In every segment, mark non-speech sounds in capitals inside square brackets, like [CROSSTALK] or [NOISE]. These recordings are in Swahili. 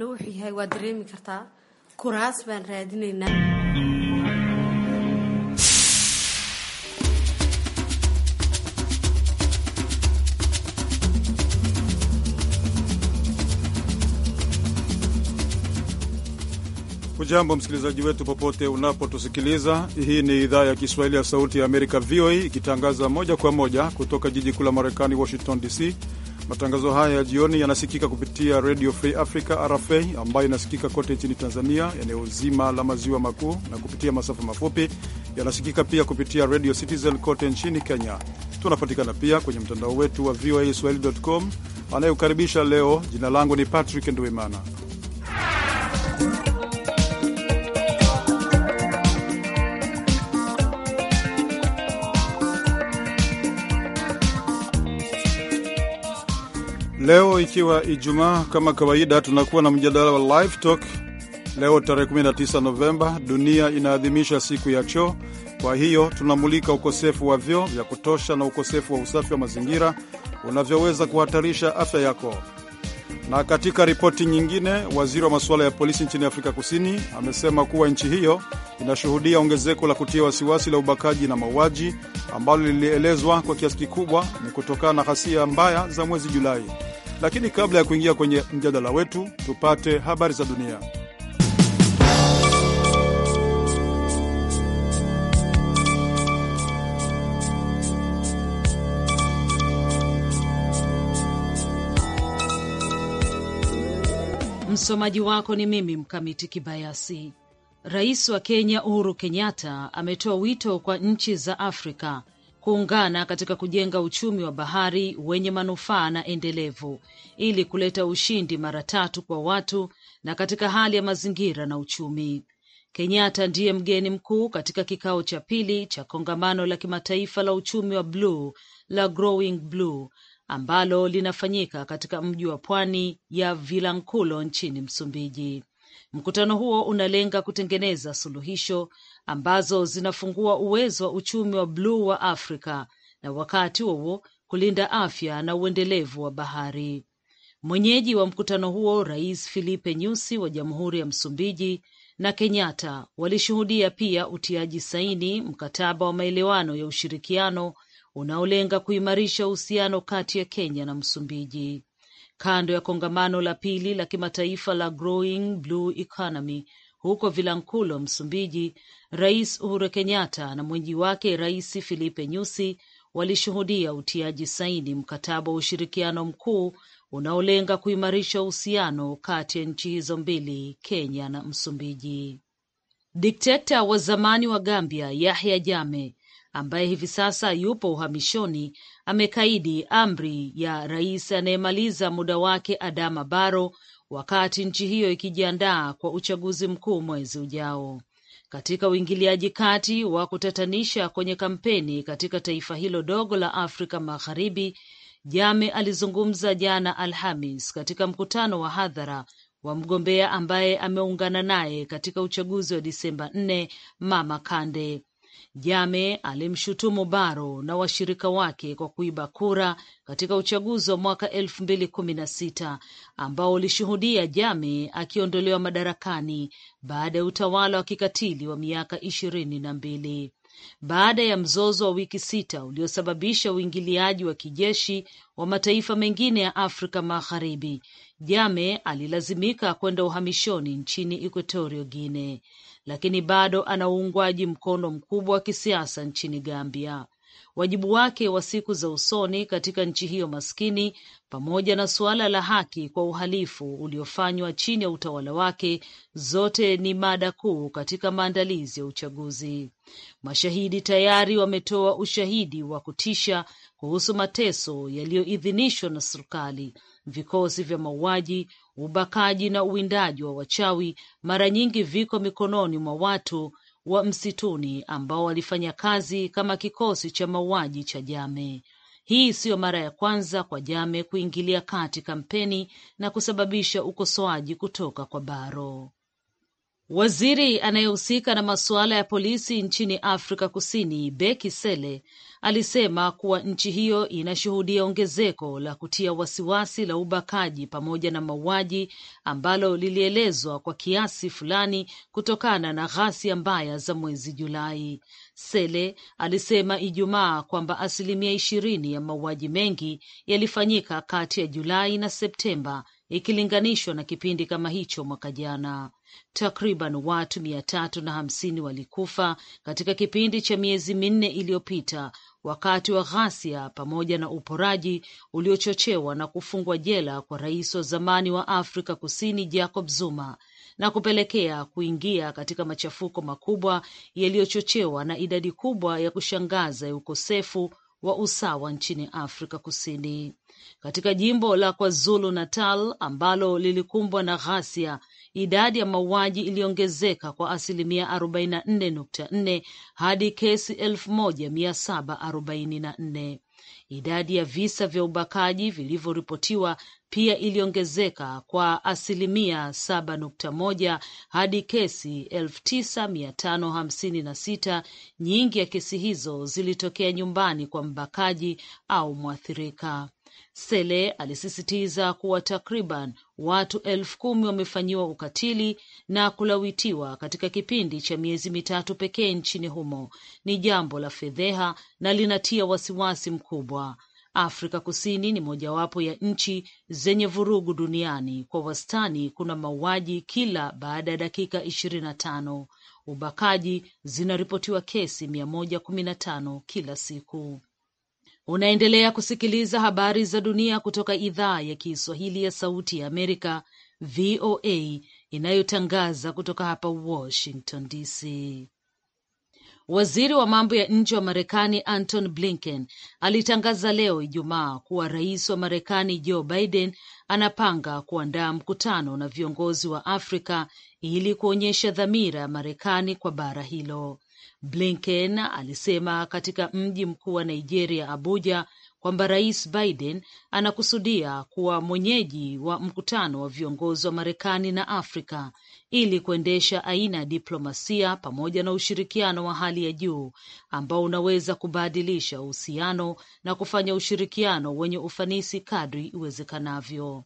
rabna wuxuu yahay waa dareemi kartaa kuraas baan raadinaynaa Hujambo msikilizaji wetu popote unapotusikiliza. Hii ni idhaa ya Kiswahili ya Sauti ya Amerika, VOA, ikitangaza moja kwa moja kutoka jiji kuu la Marekani, Washington DC. Matangazo haya ya jioni yanasikika kupitia Radio Free Africa, RFA, ambayo inasikika kote nchini Tanzania, eneo zima la maziwa makuu, na kupitia masafa mafupi yanasikika pia kupitia Radio Citizen kote nchini Kenya. Tunapatikana pia kwenye mtandao wetu wa VOA swahili.com. Anayekukaribisha leo, jina langu ni Patrick Ndwimana. Leo ikiwa Ijumaa, kama kawaida, tunakuwa na mjadala wa live talk. Leo tarehe 19 Novemba, dunia inaadhimisha siku ya choo. Kwa hiyo tunamulika ukosefu wa vyoo vya kutosha na ukosefu wa usafi wa mazingira unavyoweza kuhatarisha afya yako. Na katika ripoti nyingine, waziri wa masuala ya polisi nchini Afrika Kusini amesema kuwa nchi hiyo inashuhudia ongezeko la kutia wasiwasi la ubakaji na mauaji ambalo lilielezwa kwa kiasi kikubwa ni kutokana na ghasia mbaya za mwezi Julai. Lakini kabla ya kuingia kwenye mjadala wetu, tupate habari za dunia. Msomaji wako ni mimi Mkamiti Kibayasi. Rais wa Kenya Uhuru Kenyatta ametoa wito kwa nchi za Afrika kuungana katika kujenga uchumi wa bahari wenye manufaa na endelevu ili kuleta ushindi mara tatu kwa watu na katika hali ya mazingira na uchumi. Kenyatta ndiye mgeni mkuu katika kikao cha pili cha kongamano la kimataifa la uchumi wa bluu la Growing Blue ambalo linafanyika katika mji wa pwani ya vilankulo nchini Msumbiji. Mkutano huo unalenga kutengeneza suluhisho ambazo zinafungua uwezo wa uchumi wa bluu wa Afrika na wakati huo kulinda afya na uendelevu wa bahari. Mwenyeji wa mkutano huo Rais Filipe Nyusi wa Jamhuri ya Msumbiji na Kenyatta walishuhudia pia utiaji saini mkataba wa maelewano ya ushirikiano unaolenga kuimarisha uhusiano kati ya Kenya na Msumbiji. Kando ya kongamano la pili la kimataifa la Growing Blue Economy huko Vilankulo, Msumbiji, Rais Uhuru Kenyatta na mwenyeji wake Rais Filipe Nyusi walishuhudia utiaji saini mkataba wa ushirikiano mkuu unaolenga kuimarisha uhusiano kati ya nchi hizo mbili, Kenya na Msumbiji. Dikteta wa zamani wa Gambia Yahya Jammeh ambaye hivi sasa yupo uhamishoni amekaidi amri ya rais anayemaliza muda wake Adama Barrow wakati nchi hiyo ikijiandaa kwa uchaguzi mkuu mwezi ujao. Katika uingiliaji kati wa kutatanisha kwenye kampeni katika taifa hilo dogo la Afrika Magharibi, Jame alizungumza jana Alhamis katika mkutano wa hadhara wa mgombea ambaye ameungana naye katika uchaguzi wa Disemba 4 Mama Kande Jame alimshutumu baro na washirika wake kwa kuiba kura katika uchaguzi wa mwaka elfu mbili kumi na sita ambao ulishuhudia Jame akiondolewa madarakani baada ya utawala wa kikatili wa miaka ishirini na mbili baada ya mzozo wa wiki sita uliosababisha uingiliaji wa kijeshi wa mataifa mengine ya Afrika Magharibi, Jame alilazimika kwenda uhamishoni nchini Equatorio Guine lakini bado ana uungwaji mkono mkubwa wa kisiasa nchini Gambia. Wajibu wake wa siku za usoni katika nchi hiyo maskini pamoja na suala la haki kwa uhalifu uliofanywa chini ya utawala wake, zote ni mada kuu katika maandalizi ya uchaguzi. Mashahidi tayari wametoa ushahidi wa kutisha kuhusu mateso yaliyoidhinishwa na serikali, vikosi vya mauaji, ubakaji na uwindaji wa wachawi mara nyingi viko mikononi mwa watu wa msituni ambao walifanya kazi kama kikosi cha mauaji cha Jame. Hii siyo mara ya kwanza kwa Jame kuingilia kati kampeni na kusababisha ukosoaji kutoka kwa baro Waziri anayehusika na masuala ya polisi nchini Afrika Kusini, beki sele alisema kuwa nchi hiyo inashuhudia ongezeko la kutia wasiwasi la ubakaji pamoja na mauaji ambalo lilielezwa kwa kiasi fulani kutokana na ghasia mbaya za mwezi Julai. Sele alisema Ijumaa kwamba asilimia ishirini ya mauaji mengi yalifanyika kati ya Julai na Septemba ikilinganishwa na kipindi kama hicho mwaka jana. Takriban watu mia tatu na hamsini walikufa katika kipindi cha miezi minne iliyopita wakati wa ghasia pamoja na uporaji uliochochewa na kufungwa jela kwa rais wa zamani wa Afrika Kusini Jacob Zuma na kupelekea kuingia katika machafuko makubwa yaliyochochewa na idadi kubwa ya kushangaza ya ukosefu wa usawa nchini Afrika Kusini. Katika jimbo la KwaZulu Natal ambalo lilikumbwa na ghasia idadi ya mauaji iliongezeka kwa asilimia arobaini na nne nukta nne hadi kesi elfu moja mia saba arobaini na nne. Idadi ya visa vya ubakaji vilivyoripotiwa pia iliongezeka kwa asilimia saba nukta moja hadi kesi elfu tisa mia tano hamsini na sita. Nyingi ya kesi hizo zilitokea nyumbani kwa mbakaji au mwathirika. Sele alisisitiza kuwa takriban watu elfu kumi wamefanyiwa ukatili na kulawitiwa katika kipindi cha miezi mitatu pekee nchini humo ni jambo la fedheha na linatia wasiwasi mkubwa. Afrika Kusini ni mojawapo ya nchi zenye vurugu duniani. Kwa wastani kuna mauaji kila baada ya dakika ishirini na tano. Ubakaji, zinaripotiwa kesi mia moja kumi na tano kila siku. Unaendelea kusikiliza habari za dunia kutoka idhaa ya Kiswahili ya Sauti ya Amerika, VOA, inayotangaza kutoka hapa Washington DC. Waziri wa mambo ya nje wa Marekani Anton Blinken alitangaza leo Ijumaa kuwa rais wa Marekani Joe Biden anapanga kuandaa mkutano na viongozi wa Afrika ili kuonyesha dhamira ya Marekani kwa bara hilo. Blinken alisema katika mji mkuu wa Nigeria, Abuja, kwamba Rais Biden anakusudia kuwa mwenyeji wa mkutano wa viongozi wa Marekani na Afrika ili kuendesha aina ya diplomasia pamoja na ushirikiano wa hali ya juu ambao unaweza kubadilisha uhusiano na kufanya ushirikiano wenye ufanisi kadri iwezekanavyo.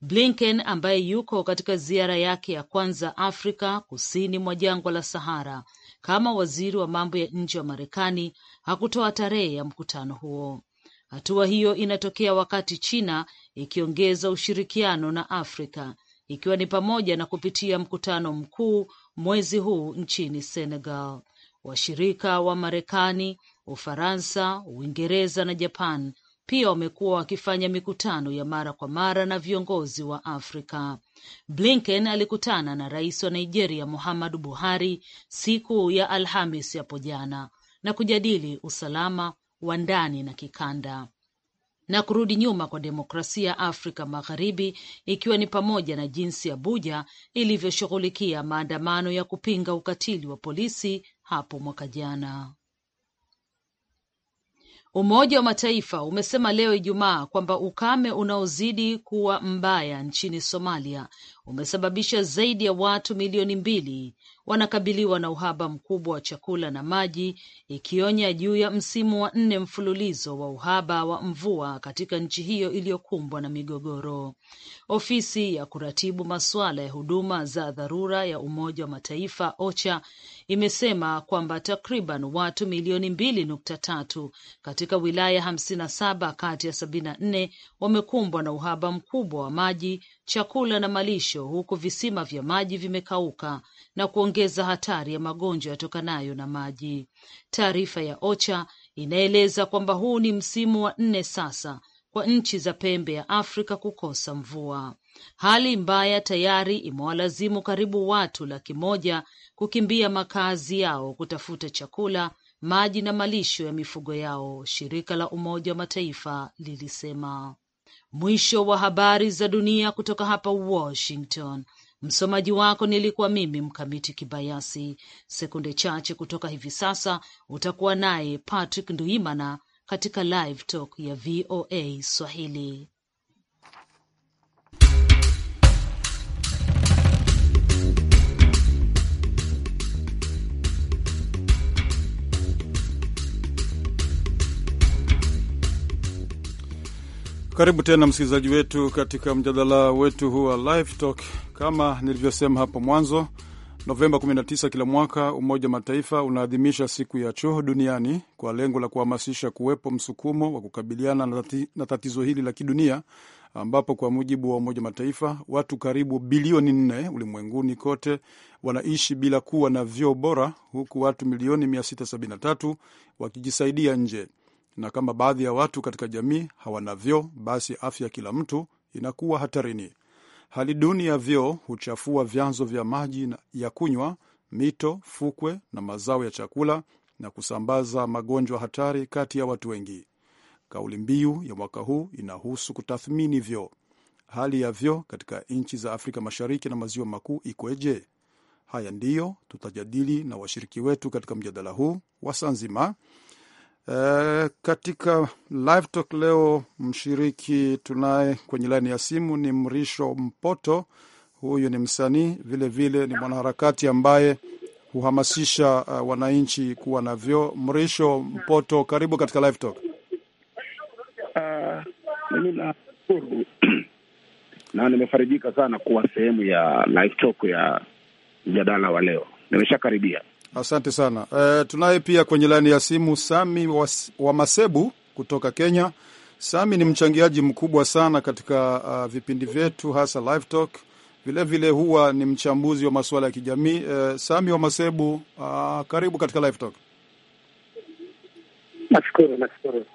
Blinken ambaye yuko katika ziara yake ya kwanza Afrika kusini mwa jangwa la Sahara kama waziri wa mambo ya nje wa Marekani hakutoa tarehe ya mkutano huo. Hatua hiyo inatokea wakati China ikiongeza ushirikiano na Afrika ikiwa ni pamoja na kupitia mkutano mkuu mwezi huu nchini Senegal. Washirika wa Marekani, Ufaransa, Uingereza na Japan pia wamekuwa wakifanya mikutano ya mara kwa mara na viongozi wa Afrika. Blinken alikutana na rais wa Nigeria Muhammadu Buhari siku ya Alhamis hapo jana na kujadili usalama wa ndani na kikanda na kurudi nyuma kwa demokrasia Afrika Magharibi, ikiwa ni pamoja na jinsi Abuja ilivyoshughulikia maandamano ya kupinga ukatili wa polisi hapo mwaka jana. Umoja wa Mataifa umesema leo Ijumaa kwamba ukame unaozidi kuwa mbaya nchini Somalia umesababisha zaidi ya watu milioni mbili wanakabiliwa na uhaba mkubwa wa chakula na maji, ikionya juu ya msimu wa nne mfululizo wa uhaba wa mvua katika nchi hiyo iliyokumbwa na migogoro. Ofisi ya kuratibu masuala ya huduma za dharura ya Umoja wa Mataifa OCHA imesema kwamba takriban watu milioni mbili nukta tatu katika wilaya hamsini na saba kati ya sabini na nne wamekumbwa na uhaba mkubwa wa maji, chakula na malisho, huku visima vya maji vimekauka na kuongeza hatari ya magonjwa yatokanayo na maji. Taarifa ya OCHA inaeleza kwamba huu ni msimu wa nne sasa kwa nchi za pembe ya Afrika kukosa mvua. Hali mbaya tayari imewalazimu karibu watu laki moja kukimbia makazi yao kutafuta chakula, maji na malisho ya mifugo yao, shirika la Umoja wa Mataifa lilisema. Mwisho wa habari za dunia kutoka hapa Washington. Msomaji wako nilikuwa mimi Mkamiti Kibayasi. Sekunde chache kutoka hivi sasa utakuwa naye Patrick Nduimana katika Live Talk ya VOA Swahili. Karibu tena msikilizaji wetu katika mjadala wetu huu wa Live Talk kama nilivyosema hapo mwanzo, Novemba 19 kila mwaka Umoja wa Mataifa unaadhimisha siku ya choo duniani kwa lengo la kuhamasisha kuwepo msukumo wa kukabiliana na tatizo hili la kidunia, ambapo kwa mujibu wa Umoja wa Mataifa watu karibu bilioni nne ulimwenguni kote wanaishi bila kuwa na vyoo bora, huku watu milioni 673 wakijisaidia nje. Na kama baadhi ya watu katika jamii hawana vyoo, basi afya ya kila mtu inakuwa hatarini. Hali duni ya vyoo huchafua vyanzo vya maji ya kunywa, mito, fukwe na mazao ya chakula na kusambaza magonjwa hatari kati ya watu wengi. Kauli mbiu ya mwaka huu inahusu kutathmini vyoo. Hali ya vyoo katika nchi za Afrika Mashariki na Maziwa Makuu ikoje? Haya ndiyo tutajadili na washiriki wetu katika mjadala huu wa saa nzima E, katika live talk leo mshiriki tunaye kwenye laini ya simu ni Mrisho Mpoto. Huyu ni msanii vilevile, ni mwanaharakati ambaye huhamasisha uh, wananchi kuwa na vyoo. Mrisho Mpoto, karibu katika live talk. Uh, mimi nashukuru [CLEARS THROAT] na nimefarijika sana kuwa sehemu ya live talk ya mjadala wa leo, nimeshakaribia Asante sana. E, tunaye pia kwenye laini ya simu Sami wa, Masebu kutoka Kenya. Sami ni mchangiaji mkubwa sana katika uh, vipindi vyetu hasa Live Talk, vilevile huwa ni mchambuzi wa masuala ya kijamii. E, Sami wa Masebu, uh, karibu katika Live Talk. Nashukuru, nashukuru.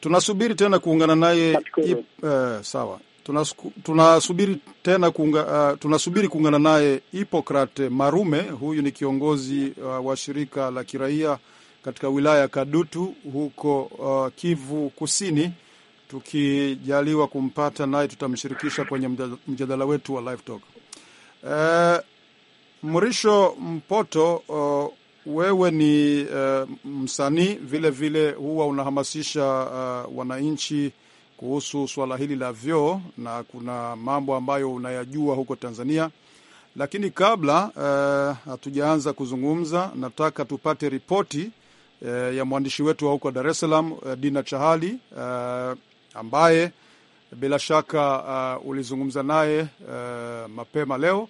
Tunasubiri tena kuungana naye. Uh, sawa tunasubiri tena kuunga, uh, tunasubiri kuungana naye Hipokrate Marume. Huyu ni kiongozi uh, wa shirika la kiraia katika wilaya ya Kadutu huko uh, Kivu Kusini. Tukijaliwa kumpata naye tutamshirikisha kwenye mjadala wetu wa live talk. Uh, Mrisho Mpoto, uh, wewe ni uh, msanii vile vile, huwa unahamasisha uh, wananchi kuhusu swala hili la vyoo na kuna mambo ambayo unayajua huko Tanzania. Lakini kabla eh, hatujaanza kuzungumza, nataka tupate ripoti uh, ya mwandishi wetu wa huko Dar es Salaam uh, Dina Chahali uh, ambaye bila shaka uh, ulizungumza naye uh, mapema leo.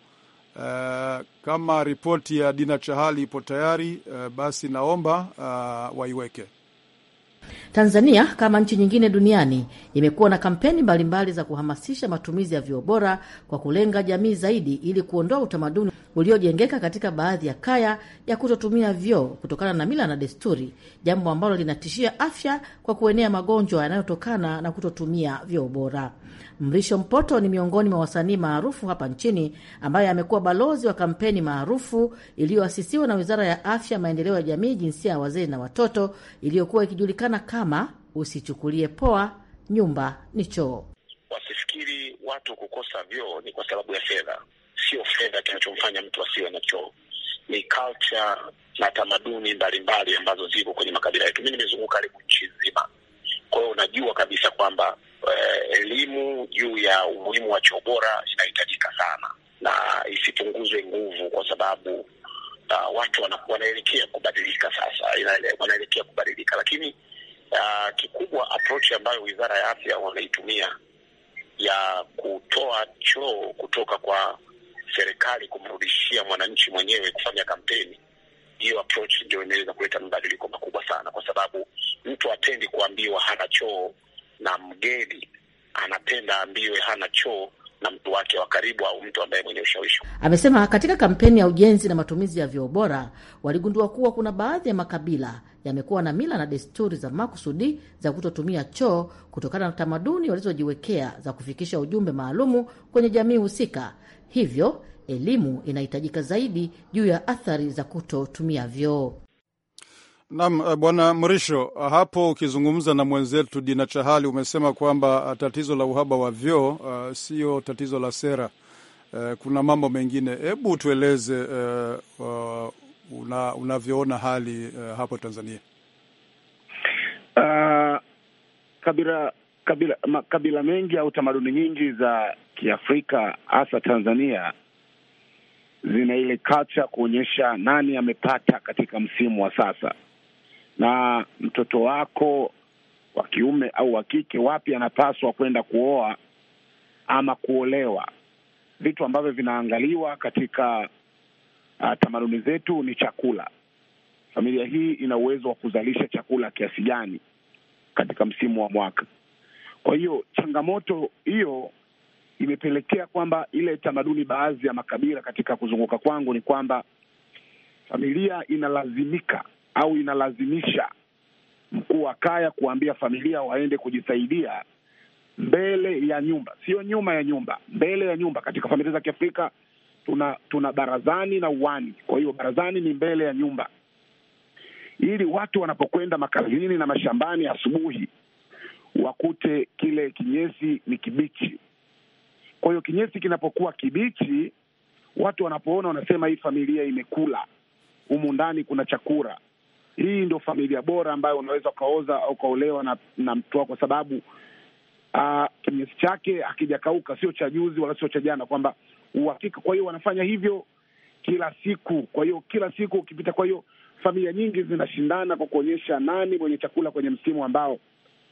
Uh, kama ripoti ya Dina Chahali ipo tayari uh, basi naomba uh, waiweke Tanzania kama nchi nyingine duniani imekuwa na kampeni mbalimbali za kuhamasisha matumizi ya vyoo bora kwa kulenga jamii zaidi, ili kuondoa utamaduni uliojengeka katika baadhi ya kaya ya kutotumia vyoo kutokana na mila na desturi, jambo ambalo linatishia afya kwa kuenea magonjwa yanayotokana na kutotumia vyoo bora. Mrisho Mpoto ni miongoni mwa wasanii maarufu hapa nchini ambaye amekuwa balozi wa kampeni maarufu iliyoasisiwa na Wizara ya Afya, Maendeleo ya Jamii, Jinsia ya Wazee na Watoto, iliyokuwa ikijulikana kama usichukulie poa, nyumba ni choo. Wasifikiri watu kukosa vyoo ni kwa sababu ya fedha. Sio fedha kinachomfanya mtu asiwe na choo, ni culture na tamaduni mbalimbali ambazo ziko kwenye makabila yetu. Mi nimezunguka karibu nchi nzima, kwa hiyo unajua kabisa kwamba uh, elimu juu ya umuhimu wa choo bora inahitajika sana na isipunguzwe nguvu, kwa sababu uh, watu wanaelekea kubadilika sasa, wanaelekea kubadilika, lakini uh, kikubwa approach ambayo Wizara ya Afya wameitumia ya kutoa choo kutoka kwa serikali kumrudishia mwananchi mwenyewe kufanya kampeni hiyo approach ndio imeweza kuleta mabadiliko makubwa sana, kwa sababu mtu atendi kuambiwa hana choo na mgeni anapenda ambiwe hana choo na mtu wake wa karibu au mtu ambaye mwenye ushawishi. Amesema katika kampeni ya ujenzi na matumizi ya vyoo bora waligundua kuwa kuna baadhi ya makabila yamekuwa na mila na desturi za makusudi za kutotumia choo kutokana na tamaduni walizojiwekea za kufikisha ujumbe maalumu kwenye jamii husika. Hivyo elimu inahitajika zaidi juu ya athari za kutotumia vyoo. Naam, eh, Bwana Mrisho, eh, hapo ukizungumza na mwenzetu Dina Chahali umesema kwamba eh, tatizo la uhaba wa vyoo uh, sio tatizo la sera uh, kuna mambo mengine. Hebu tueleze uh, uh, una, unavyoona hali uh, hapo Tanzania. Uh, kabila kabila makabila mengi au tamaduni nyingi za Kiafrika hasa Tanzania zina ile kacha kuonyesha nani amepata katika msimu wa sasa na mtoto wako wa kiume au wa kike, wapi anapaswa kwenda kuoa ama kuolewa. Vitu ambavyo vinaangaliwa katika uh, tamaduni zetu ni chakula. Familia hii ina uwezo wa kuzalisha chakula kiasi gani katika msimu wa mwaka? Kwa hiyo changamoto hiyo imepelekea kwamba ile tamaduni, baadhi ya makabila katika kuzunguka kwangu, ni kwamba familia inalazimika au inalazimisha mkuu wa kaya kuambia familia waende kujisaidia mbele ya nyumba, sio nyuma ya nyumba, mbele ya nyumba. Katika familia za Kiafrika tuna tuna barazani na uwani, kwa hiyo barazani ni mbele ya nyumba, ili watu wanapokwenda makazini na mashambani asubuhi wakute kile kinyesi ni kibichi. Kwa hiyo kinyesi kinapokuwa kibichi, watu wanapoona wanasema hii familia imekula, humu ndani kuna chakula hii ndio familia bora ambayo unaweza ukaoza au ukaolewa na, na mtu wako, kwa sababu ah, kinyesi uh, chake akijakauka, sio cha juzi wala sio cha jana, kwamba uhakika. Kwa hiyo wanafanya hivyo kila siku, kwa hiyo kila siku ukipita. Kwa hiyo familia nyingi zinashindana kwa kuonyesha nani mwenye chakula kwenye msimu ambao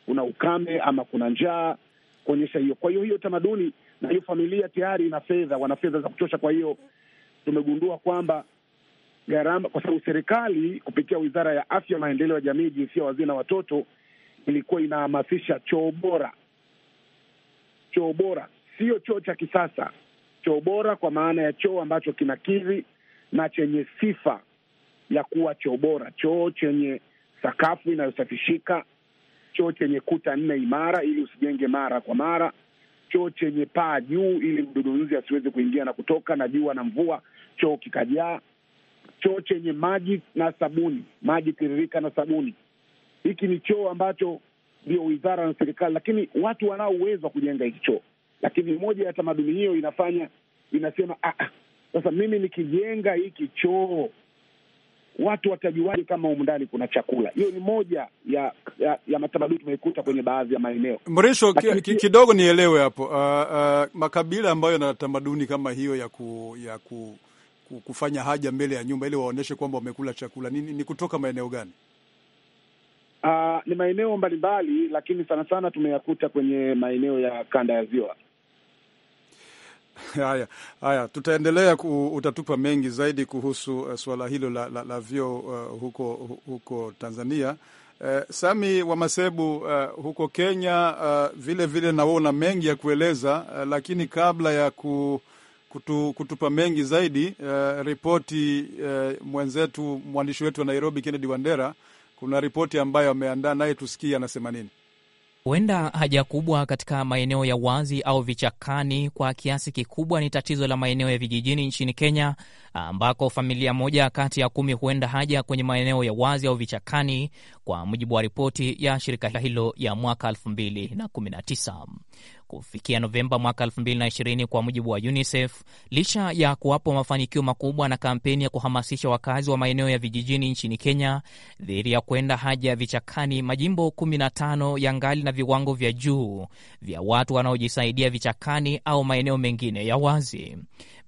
kuna ukame ama kuna njaa, kuonyesha hiyo. Kwa hiyo hiyo tamaduni na hiyo familia tayari ina fedha, wana fedha za kutosha. Kwa hiyo tumegundua kwamba gharama, kwa sababu serikali kupitia Wizara ya Afya, Maendeleo ya Jamii, Jinsia, Wazee na Watoto ilikuwa inahamasisha choo bora. Choo bora sio choo cha kisasa, choo bora kwa maana ya choo ambacho kinakidhi na chenye sifa ya kuwa choo bora, choo chenye sakafu inayosafishika, choo chenye kuta nne imara ili usijenge mara kwa mara, choo chenye paa juu ili mdudunzi asiweze kuingia na kutoka na jua na mvua, choo kikajaa choo chenye maji na sabuni, maji tiririka na sabuni. Hiki ni choo ambacho ndio wizara na serikali, lakini watu wanao uwezo wa kujenga hiki choo, lakini moja ya tamaduni hiyo inafanya inasema ah, ah sasa mimi nikijenga hiki choo watu watajuaje kama humu ndani kuna chakula? Hiyo ni moja ya ya, ya matamaduni tumeikuta kwenye baadhi ya maeneo. Mrisho, kidogo nielewe hapo. Uh, uh, makabila ambayo yana tamaduni kama hiyo ya ku, ya ku kufanya haja mbele ya nyumba ili waonyeshe kwamba wamekula chakula ni, ni kutoka maeneo gani? Uh, ni maeneo mbalimbali, lakini sana sana tumeyakuta kwenye maeneo ya kanda ya Ziwa. [LAUGHS] Haya haya, tutaendelea ku, utatupa mengi zaidi kuhusu uh, eh, suala hilo la, la, la vyoo uh, huko huko Tanzania. Uh, Sami wa Masebu uh, huko Kenya uh, vile vile nawe una mengi ya kueleza uh, lakini kabla ya ku kutu, kutupa mengi zaidi uh, ripoti uh, mwenzetu mwandishi wetu wa Nairobi Kennedy Wandera, kuna ripoti ambayo ameandaa naye, tusikie anasema nini. Huenda haja kubwa katika maeneo ya wazi au vichakani kwa kiasi kikubwa ni tatizo la maeneo ya vijijini nchini Kenya, ambako familia moja kati ya kumi huenda haja kwenye maeneo ya wazi au vichakani, kwa mujibu wa ripoti ya shirika hilo ya mwaka 2019 kufikia Novemba mwaka 2020 kwa mujibu wa UNICEF. Licha ya kuwapo mafanikio makubwa na kampeni ya kuhamasisha wakazi wa maeneo ya vijijini nchini Kenya dhidi ya kwenda haja ya vichakani, majimbo 15 ngali na viwango vya juu vya watu wanaojisaidia vichakani au maeneo mengine ya wazi.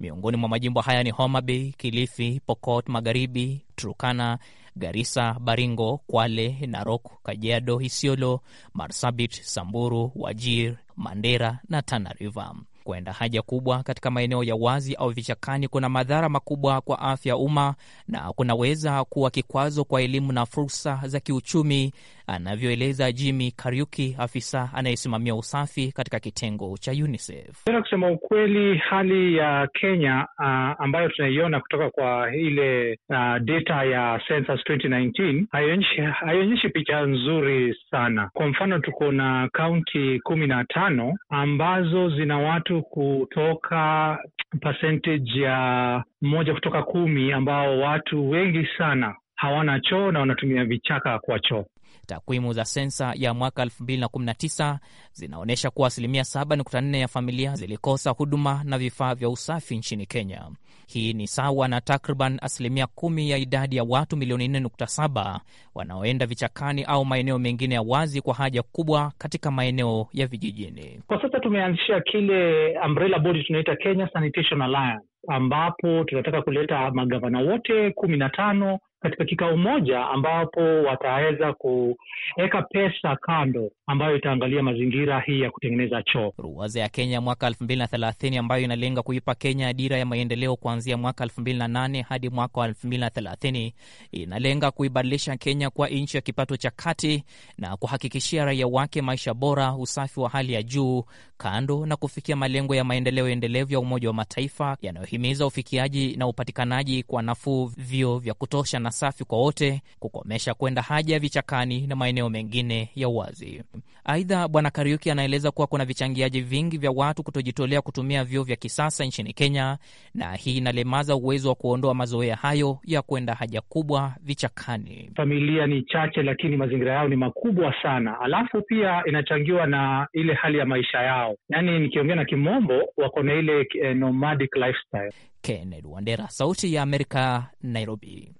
Miongoni mwa majimbo haya ni Homa Bay, Kilifi, Pokot Magharibi, Turkana, garisa Baringo, Kwale, Narok, Kajiado, Isiolo, Marsabit, Samburu, Wajir, Mandera na Tana River. Kwenda haja kubwa katika maeneo ya wazi au vichakani kuna madhara makubwa kwa afya ya umma na kunaweza kuwa kikwazo kwa elimu na fursa za kiuchumi anavyoeleza Jimmy Kariuki, afisa anayesimamia usafi katika kitengo cha UNICEF. Kusema ukweli, hali ya Kenya uh, ambayo tunaiona kutoka kwa ile uh, data ya census 2019 haionyeshi picha nzuri sana. Kwa mfano, tuko na kaunti kumi na tano ambazo zina watu kutoka percentage ya moja kutoka kumi ambao watu wengi sana hawana choo na wanatumia vichaka kwa choo. Takwimu za sensa ya mwaka 2019 zinaonyesha kuwa asilimia 7.4 ya familia zilikosa huduma na vifaa vya usafi nchini Kenya. Hii ni sawa na takriban asilimia kumi ya idadi ya watu milioni 4.7 wanaoenda vichakani au maeneo mengine ya wazi kwa haja kubwa katika maeneo ya vijijini. Kwa sasa tumeanzisha kile umbrella body tunaita Kenya Sanitation Alliance ambapo tunataka kuleta magavana wote kumi na tano katika kikao moja ambapo wataweza kuweka pesa kando ambayo itaangalia mazingira hii ya kutengeneza choo. Ruwaza ya Kenya mwaka elfu mbili na thelathini ambayo inalenga kuipa Kenya dira ya maendeleo kuanzia mwaka elfu mbili na nane hadi mwaka wa elfu mbili na thelathini inalenga kuibadilisha Kenya kuwa nchi ya kipato cha kati na kuhakikishia raia wake maisha bora, usafi wa hali ya juu, kando na kufikia malengo ya maendeleo endelevu ya Umoja wa Mataifa yanayohimiza ufikiaji na upatikanaji kwa nafuu, vyo vya kutosha na safi kwa wote, kukomesha kwenda haja vichakani na maeneo mengine ya uwazi. Aidha, Bwana Kariuki anaeleza kuwa kuna vichangiaji vingi vya watu kutojitolea kutumia vyoo vya kisasa nchini Kenya, na hii inalemaza uwezo wa kuondoa mazoea hayo ya kwenda haja kubwa vichakani. Familia ni chache, lakini mazingira yao ni makubwa sana, alafu pia inachangiwa na ile hali ya maisha yao, yaani nikiongea na kimombo, wako na ile eh, nomadic lifestyle. Kennedy Wandera, Sauti ya Amerika, Nairobi.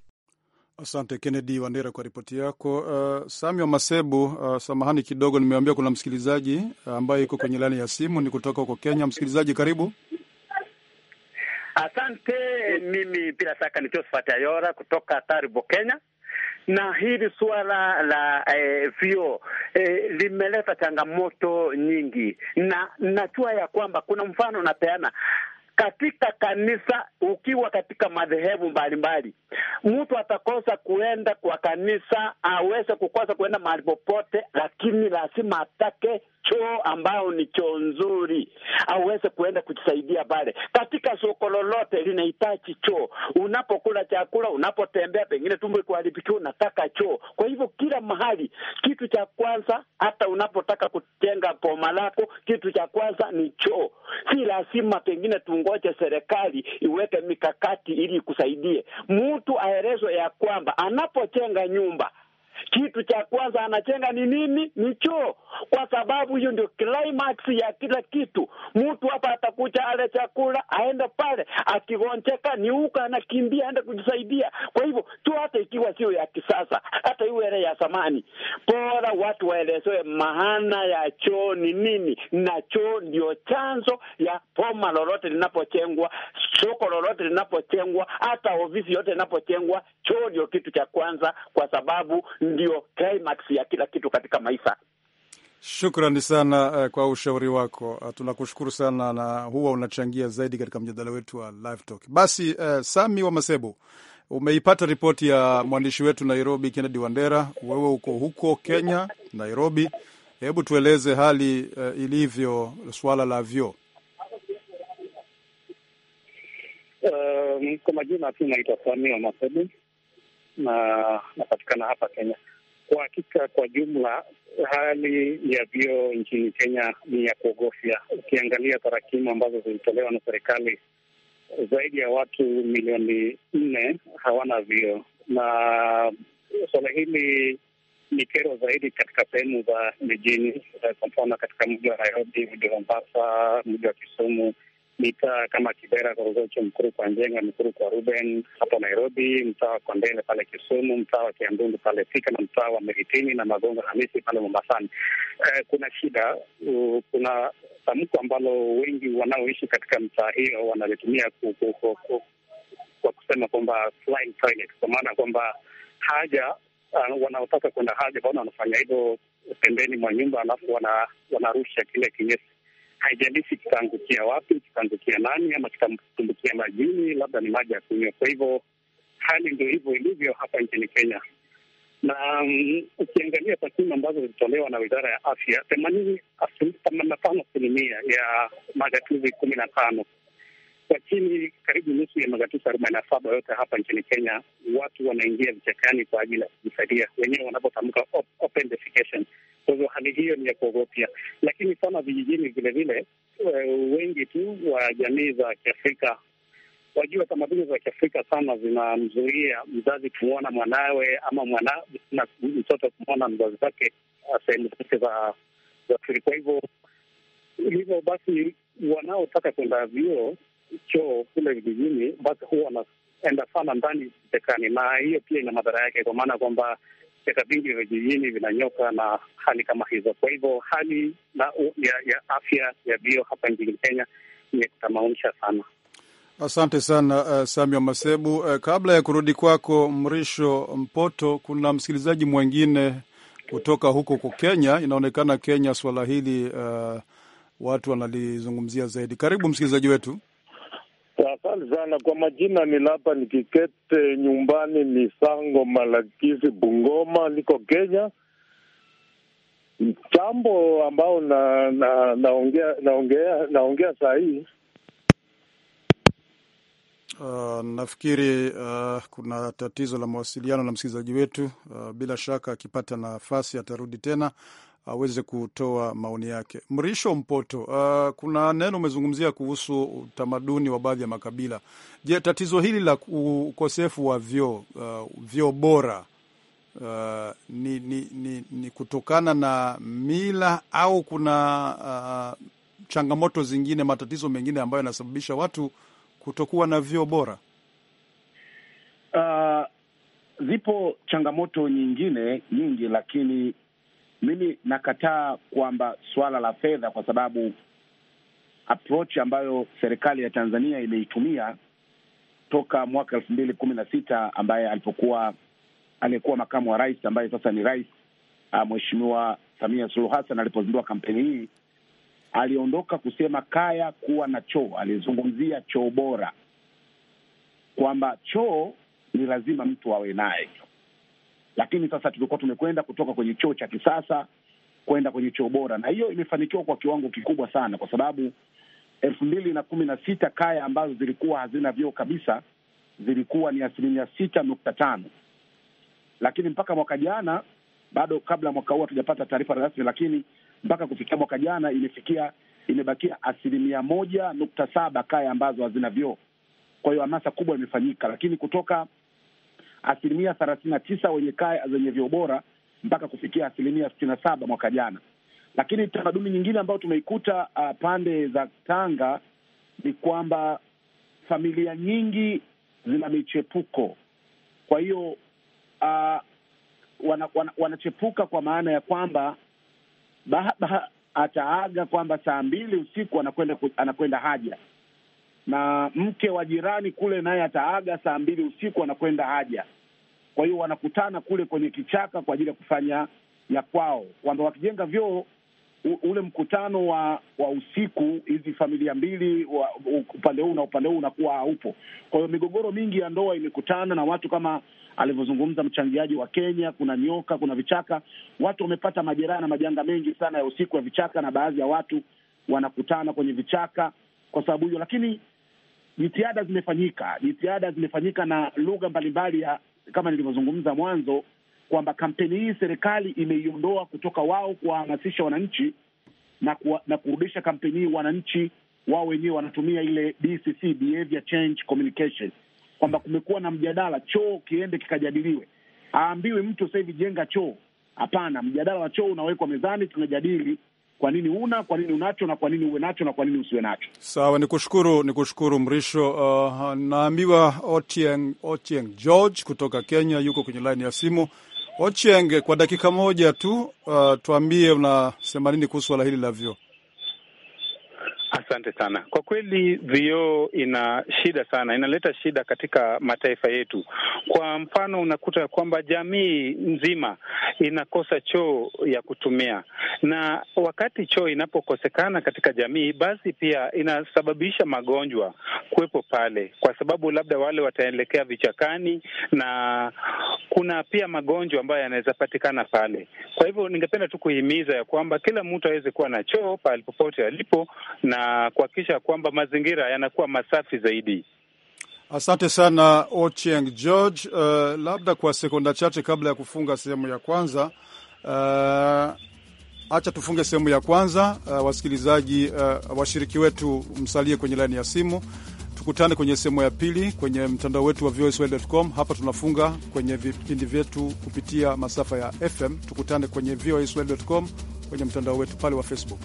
Asante Kennedy Wandera kwa ripoti yako. Uh, Samuel Masebu, uh, samahani kidogo, nimeambia kuna msikilizaji uh, ambaye iko kwenye laini ya simu, ni kutoka huko Kenya. Msikilizaji karibu. Asante. Mimi bila shaka ni Josephat Ayora kutoka Taribo, Kenya na hili suala la eh, vio eh, limeleta changamoto nyingi, na najua ya kwamba kuna mfano napeana katika kanisa, ukiwa katika madhehebu mbalimbali, mtu atakosa kuenda kwa kanisa, aweze kukosa kuenda mahali popote, lakini lazima atake choo ambao ni choo nzuri, auweze kuenda kujisaidia pale. Katika soko lolote linahitaji choo. Unapokula chakula, unapotembea, pengine tumbo ikuharibikiwa, unataka choo. Kwa hivyo kila mahali, kitu cha kwanza, hata unapotaka kujenga boma lako, kitu cha kwanza ni choo. Si lazima pengine tungoje serikali iweke mikakati ili ikusaidie. Mtu aelezwe ya kwamba anapojenga nyumba kitu cha kwanza anachenga ni nini? Ni choo, kwa sababu hiyo ndio climax ya kila kitu. Mtu hapa atakuja ale chakula, aende pale, akigonjeka ni huko anakimbia aende kujisaidia. Kwa hivyo tu, hata ikiwa sio ya kisasa, hata iwe ile ya zamani, bora watu waelezewe maana ya choo ni nini, na choo ndio chanzo ya poma lolote linapochengwa soko lolote linapochengwa, hata ofisi yote inapochengwa, choo ndio kitu cha kwanza, kwa sababu ndio climax ya kila kitu katika maisha. Shukrani sana eh, kwa ushauri wako, eh, tunakushukuru sana, na huwa unachangia zaidi katika mjadala wetu wa Live Talk. Basi uh, Sami wa Masebu, umeipata ripoti ya mwandishi wetu Nairobi, Kennedy Wandera. Wewe uko huko Kenya, Nairobi, hebu tueleze hali uh, ilivyo suala la vyoo. Um, kwa majina tu naitwa Sami wa Masebu na napatikana hapa Kenya. Kwa hakika, kwa jumla hali ya vyoo nchini Kenya ni ya kuogofya. Ukiangalia tarakimu ambazo zilitolewa na serikali, zaidi ya watu milioni nne hawana vyoo, na suala hili ni kero zaidi katika sehemu za mijini, kwa mfano katika mji wa Nairobi, mji wa Mombasa, mji wa Kisumu mitaa kama Kibera, Korogocho, Mkuru kwa Njenga, Mkuru kwa Ruben hapo Nairobi, mtaa wa Kondele pale Kisumu, mtaa wa Kiandundu pale Thika na mtaa wa Miritini na Magongo Hamisi pale Mombasani. Eh, kuna shida uh, kuna tamko ambalo wengi wanaoishi katika mtaa hiyo wanalitumia kwa kusema kwamba flying toilet, kwa maana kwamba haja uh, wanaotaka kwenda haja bana wanafanya hivyo pembeni mwa nyumba, alafu wanarusha wana kile kinyesi haijalishi kitaangukia wapi, kitaangukia nani, ama kitatumbukia majini, labda ni maji ya kunywa. Kwa hivyo hali ndio hivyo ilivyo hapa nchini Kenya na um, ukiangalia takwimu ambazo zilitolewa na wizara ya afya, themanini na tano asilimia ya magatuzi kumi na tano kwa chini karibu nusu ya magatusa arobaini na saba yote hapa nchini Kenya, watu wanaingia vichakani kwa ajili ya kujisaidia wenyewe wanapotamka open defecation. Kwa hivyo hali hiyo ni ya kuogopia lakini sana vijijini vilevile, eh, wengi tu wa jamii za Kiafrika wajua tamaduni za Kiafrika sana zinamzuia mzazi kumwona mwanawe ama mwana na mtoto kumwona mzazi wake eh, sehemu zote za za siri. Kwa hivyo hivyo basi, wanaotaka kwenda vyuo choo kule vijijini, basi huwa wanaenda sana ndani tekani, na hiyo pia ina madhara yake, kwa maana kwamba vichaka vingi vya vijijini vinanyoka na hali kama hizo. Kwa hivyo hali na ya, ya afya ya bio hapa nchini Kenya ni kutamausha sana. Asante sana uh, Samuel Masebu. Uh, kabla ya kurudi kwako Mrisho Mpoto, kuna msikilizaji mwengine kutoka huko kwa Kenya. Inaonekana Kenya swala hili uh, watu wanalizungumzia zaidi. Karibu msikilizaji wetu. Asante sana kwa majina, ni ni nikikete nyumbani ni sango Malakisi Bungoma, niko Kenya. Jambo ambao na, na, naongea naongea naongea uh, nafikiri uh, kuna tatizo la mawasiliano na msikilizaji wetu uh, bila shaka akipata nafasi atarudi tena aweze kutoa maoni yake. Mrisho Mpoto, uh, kuna neno umezungumzia kuhusu utamaduni wa baadhi ya makabila. Je, tatizo hili la ukosefu wa vyoo uh, vyoo bora uh, ni, ni, ni, ni kutokana na mila au kuna uh, changamoto zingine, matatizo mengine ambayo yanasababisha watu kutokuwa na vyoo bora? Uh, zipo changamoto nyingine nyingi, lakini mimi nakataa kwamba suala la fedha, kwa sababu approach ambayo serikali ya Tanzania imeitumia toka mwaka elfu mbili kumi na sita ambaye alipokuwa aliyekuwa makamu wa rais ambaye sasa ni rais ah, Mheshimiwa Samia Suluhu Hassan alipozindua kampeni hii, aliondoka kusema kaya kuwa na choo. Alizungumzia choo bora, kwamba choo ni lazima mtu awe naye lakini sasa tulikuwa tumekwenda kutoka kwenye choo cha kisasa kwenda kwenye choo bora, na hiyo imefanikiwa kwa kiwango kikubwa sana, kwa sababu elfu mbili na kumi na sita kaya ambazo zilikuwa hazina vyoo kabisa zilikuwa ni asilimia sita nukta tano lakini mpaka mwaka jana bado, kabla mwaka huu hatujapata taarifa rasmi, lakini mpaka kufikia mwaka jana imefikia imebakia asilimia moja nukta saba kaya ambazo hazina vyoo. Kwa hiyo hamasa kubwa imefanyika, lakini kutoka asilimia thelathini na tisa wenye kaya zenye bora mpaka kufikia asilimia sitini na saba mwaka jana. Lakini tamaduni nyingine ambayo tumeikuta uh, pande za Tanga ni kwamba familia nyingi zina michepuko, kwa hiyo uh, wana, wana, wanachepuka kwa maana ya kwamba baba ataaga kwamba saa mbili usiku anakwenda anakwenda haja na mke wa jirani kule naye ataaga saa mbili usiku anakwenda haja. Kwa hiyo wanakutana kule kwenye kichaka kwa ajili ya kufanya ya kwao, kwamba wakijenga vyoo ule mkutano wa wa usiku, hizi familia mbili wa, upande huu na upande huu unakuwa haupo. Kwa hiyo migogoro mingi ya ndoa imekutana na watu kama alivyozungumza mchangiaji wa Kenya, kuna nyoka, kuna vichaka. Watu wamepata majeraha na majanga mengi sana ya usiku ya vichaka, na baadhi ya watu wanakutana kwenye vichaka kwa sababu hiyo. Lakini jitihada zimefanyika, jitihada zimefanyika na lugha mbalimbali ya kama nilivyozungumza mwanzo kwamba kampeni hii serikali imeiondoa kutoka wao kuwahamasisha wananchi na, kuwa, na kurudisha kampeni hii wananchi wao wenyewe wanatumia ile BCC, behavior change communication, kwamba kumekuwa na mjadala, choo kiende kikajadiliwe. Aambiwi mtu sasa hivi jenga choo, hapana. Mjadala wa choo unawekwa mezani, tunajadili kwa nini una, kwa nini unacho, na kwa nini uwe nacho, na kwa nini usiwe nacho. Sawa, nikushukuru, nikushukuru Mrisho. Uh, naambiwa Otieng, Otieng George kutoka Kenya yuko kwenye laini ya simu. Otieng, kwa dakika moja tu, uh, tuambie unasema nini kuhusu swala hili la vyoo. Asante sana. Kwa kweli, vioo ina shida sana, inaleta shida katika mataifa yetu. Kwa mfano, unakuta kwamba jamii nzima inakosa choo ya kutumia, na wakati choo inapokosekana katika jamii, basi pia inasababisha magonjwa kuwepo pale, kwa sababu labda wale wataelekea vichakani, na kuna pia magonjwa ambayo yanaweza patikana pale. Kwa hivyo, ningependa tu kuhimiza ya kwamba kila mtu aweze kuwa na choo pahali popote alipo na na kuhakikisha kwamba mazingira yanakuwa masafi zaidi. Asante sana Ochieng George. Uh, labda kwa sekonda chache kabla ya kufunga sehemu ya kwanza uh, Acha tufunge sehemu ya kwanza. Uh, wasikilizaji, uh, washiriki wetu msalie kwenye laini ya simu, tukutane kwenye sehemu ya pili kwenye mtandao wetu wa voaswahili.com. Hapa tunafunga kwenye vipindi vyetu kupitia masafa ya FM. Tukutane kwenye voaswahili.com, kwenye mtandao wetu pale wa Facebook.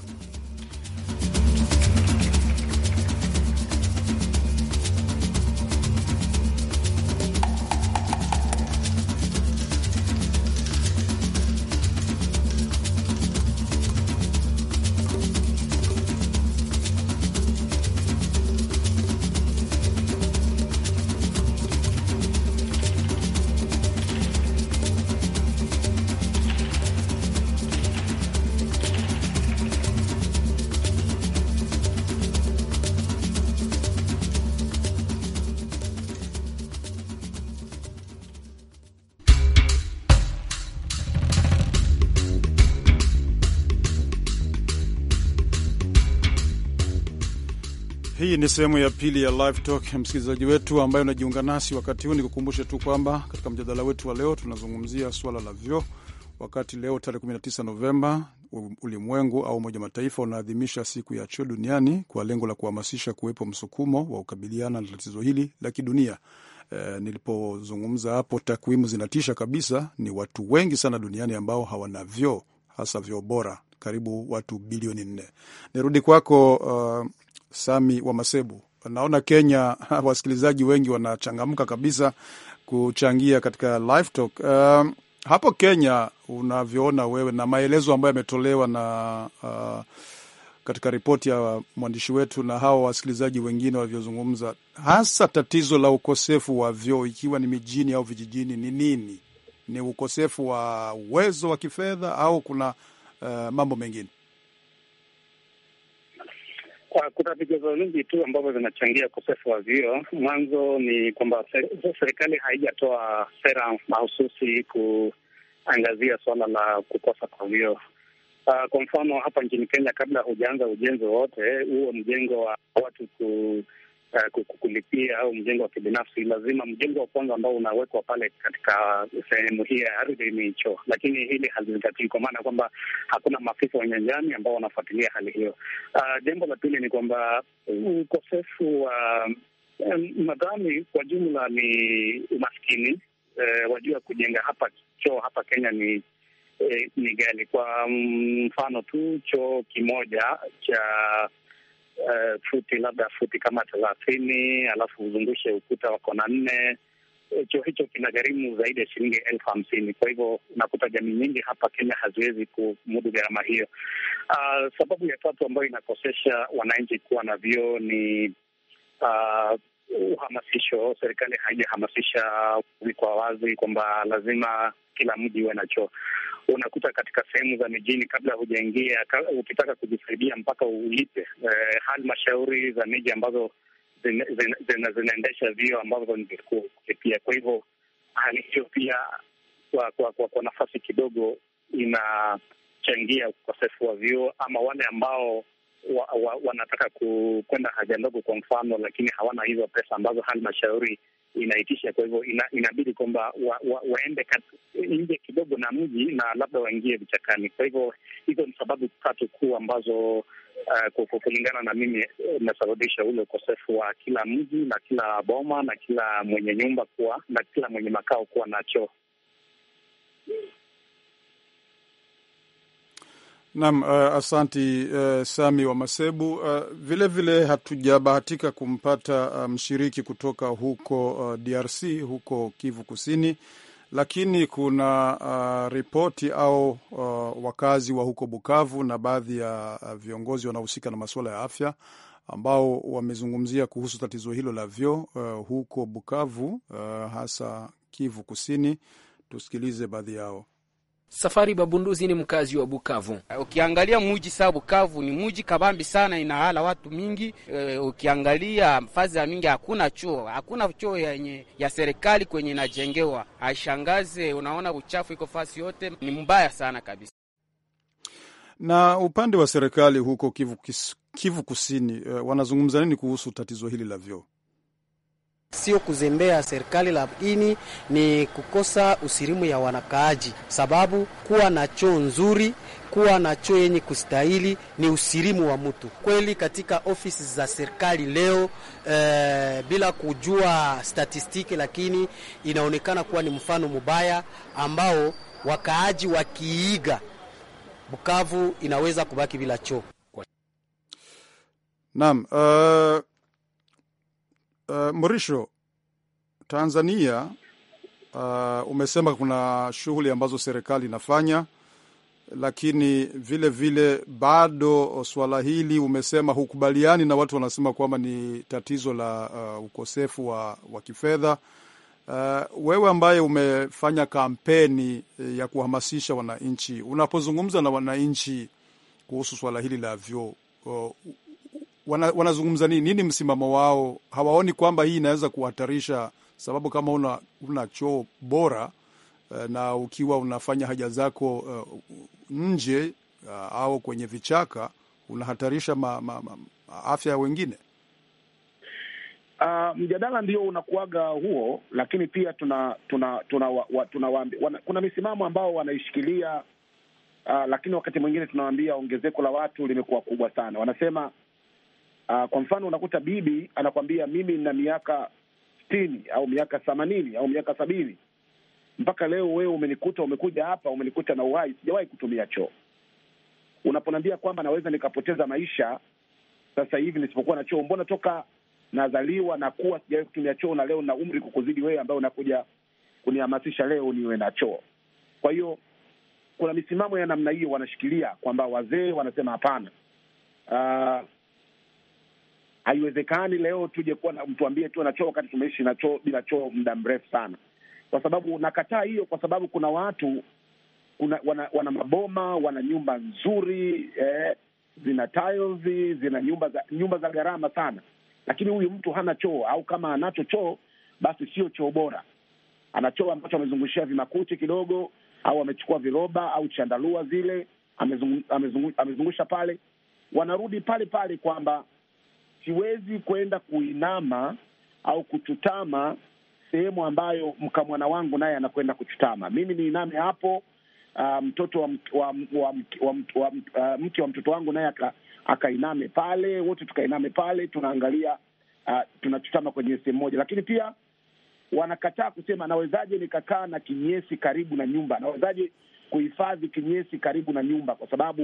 Hii ni sehemu ya pili ya Live Talk. Msikilizaji wetu ambaye unajiunga nasi wakati huu, ni kukumbushe tu kwamba katika mjadala wetu wa leo tunazungumzia suala la vyoo, wakati leo tarehe 19 Novemba ulimwengu au Umoja Mataifa unaadhimisha siku ya choo duniani kwa lengo la kuhamasisha kuwepo msukumo wa kukabiliana na tatizo hili la kidunia. E, nilipozungumza hapo, takwimu zinatisha kabisa. Ni watu wengi sana duniani ambao hawana vyoo, hasa vyoo bora, karibu watu bilioni nne. Nirudi kwako uh, Sami wa Masebu. Naona Kenya [LAUGHS] wasikilizaji wengi wanachangamka kabisa kuchangia katika live talk. Um, hapo Kenya unavyoona wewe na maelezo ambayo yametolewa na uh, katika ripoti ya mwandishi wetu na hawa wasikilizaji wengine walivyozungumza, hasa tatizo la ukosefu wa vyoo ikiwa ni mijini au vijijini ni nini? Ni ukosefu wa uwezo wa kifedha au kuna uh, mambo mengine? Kuna vigezo vingi tu ambavyo vinachangia ukosefu wa vyuo. Mwanzo ni kwamba serikali haijatoa sera mahususi kuangazia suala la kukosa kwa vyuo. Uh, ah, kwa mfano hapa nchini Kenya, kabla hujaanza ujenzi wowote, huo mjengo wa watu ku uh, kulipia au mjengo wa kibinafsi, lazima mjengo wa kwanza ambao unawekwa pale katika sehemu hii ya ardhi ni choo, lakini hili halizingatii kwa maana kwamba hakuna maafisa wa nyanjani ambao wanafuatilia hali hiyo. Uh, jambo la pili ni kwamba ukosefu wa uh, madhani kwa jumla ni umaskini. Uh, wajua kujenga hapa choo hapa Kenya ni eh, ni gali. Kwa mm, mfano tu choo kimoja cha uh, futi labda futi kama thelathini, alafu uzungushe ukuta wa kona nne. Choo hicho kina gharimu zaidi ya shilingi elfu hamsini. Kwa hivyo unakuta jamii nyingi hapa Kenya haziwezi kumudu gharama hiyo. Uh, sababu ya tatu ambayo inakosesha wananchi kuwa na vyoo ni uh, uhamasisho. Serikali haijahamasisha kwa wazi kwamba lazima kila mji uwe na choo. Unakuta katika sehemu za mijini, kabla hujaingia ukitaka kujisaidia mpaka ulipe. Eh, halmashauri za miji ambazo zinaendesha zine, zina, vio ambavyo ni vikuu kulipia. Kwa hivyo hali hiyo pia kwa, kwa, kwa, kwa nafasi kidogo inachangia ukosefu wa vyoo ama wale ambao wa, wa, wanataka kwenda haja ndogo kwa mfano, lakini hawana hizo pesa ambazo halmashauri inaitisha. Kwa hivyo ina, inabidi kwamba wa, wa, waende nje kidogo na mji na labda waingie vichakani. Kwa hivyo hizo ni sababu tatu kuu ambazo Uh, kulingana na mimi imesababisha eh, ule ukosefu wa kila mji na kila boma na kila mwenye nyumba kuwa na kila mwenye makao kuwa na choo. Naam, uh, asanti uh, Sami wa Masebu. Uh, vilevile hatujabahatika kumpata uh, mshiriki um, kutoka huko uh, DRC huko Kivu Kusini, lakini kuna uh, ripoti au uh, wakazi wa huko Bukavu na baadhi ya uh, viongozi wanaohusika na masuala ya afya ambao wamezungumzia kuhusu tatizo hilo la vyoo uh, huko Bukavu uh, hasa Kivu Kusini. Tusikilize baadhi yao. Safari Babunduzi ni mkazi wa Bukavu. Eh, ukiangalia muji saa Bukavu ni muji kabambi sana, inahala watu mingi. E, ukiangalia fazi ya mingi hakuna chuo, hakuna chuo yenye ya serikali kwenye inajengewa. Aishangaze, unaona uchafu iko fasi yote, ni mbaya sana kabisa. Na upande wa serikali huko Kivu, Kivu Kusini, eh, wanazungumza nini kuhusu tatizo hili la vyoo? Sio kuzembea serikali, lakini ni kukosa usirimu ya wanakaaji, sababu kuwa na choo nzuri, kuwa na choo yenye kustahili ni usirimu wa mtu kweli. Katika ofisi za serikali leo e, bila kujua statistiki, lakini inaonekana kuwa ni mfano mubaya ambao wakaaji wakiiga, Bukavu inaweza kubaki bila choo. Naam, uh... Uh, Mrisho, Tanzania uh, umesema kuna shughuli ambazo serikali inafanya, lakini vile vile bado swala hili umesema hukubaliani na watu wanasema kwamba ni tatizo la uh, ukosefu wa, wa kifedha. Uh, wewe ambaye umefanya kampeni ya kuhamasisha wananchi, unapozungumza na wananchi kuhusu swala hili la vyoo, wana, wanazungumza nini? Nini msimamo wao? Hawaoni kwamba hii inaweza kuhatarisha, sababu kama una, una choo bora eh, na ukiwa unafanya haja zako uh, nje uh, au kwenye vichaka unahatarisha ma, ma, ma, afya ya wengine. Uh, mjadala ndio unakuaga huo, lakini pia tuna tuna tuna, wa, wa, tuna waambi, wana, kuna misimamo ambao wanaishikilia uh, lakini wakati mwingine tunawaambia ongezeko la watu limekuwa kubwa sana, wanasema Uh, kwa mfano unakuta bibi anakwambia mimi nina miaka sitini au miaka themanini au miaka sabini mpaka leo wewe umenikuta, umekuja hapa, umenikuta na uhai, sijawahi kutumia choo. Unaponiambia kwamba naweza nikapoteza maisha sasa hivi nisipokuwa na choo, mbona toka nazaliwa na kuwa sijawahi kutumia choo, na leo na umri kukuzidi wewe, ambaye unakuja kunihamasisha leo niwe na choo. Kwa hiyo kuna misimamo ya namna hiyo wanashikilia kwamba wazee wanasema hapana. Uh, Haiwezekani leo tuje kuwa na mtu na choo wakati tumeishi na choo bila choo muda mrefu sana, kwa sababu nakataa hiyo, kwa sababu kuna watu kuna, wana, wana maboma wana nyumba nzuri eh, zina tiles, zina nyumba za nyumba za gharama sana, lakini huyu mtu hana choo, au kama anacho choo basi sio choo bora. Ana choo ambacho amezungushia vimakuti kidogo, au amechukua viroba au chandalua zile amezungusha pale, wanarudi pale pale kwamba siwezi kwenda kuinama au kuchutama sehemu ambayo mkamwana wangu naye anakwenda kuchutama, mimi niiname hapo, uh, mtoto um, wa, wa, wa, wa, wa, uh, mke wa mtoto wangu naye akainame aka pale, wote tukainame pale, tunaangalia uh, tunachutama kwenye sehemu moja. Lakini pia wanakataa kusema, nawezaje nikakaa na kinyesi karibu na nyumba? Nawezaje kuhifadhi kinyesi karibu na nyumba? Kwa sababu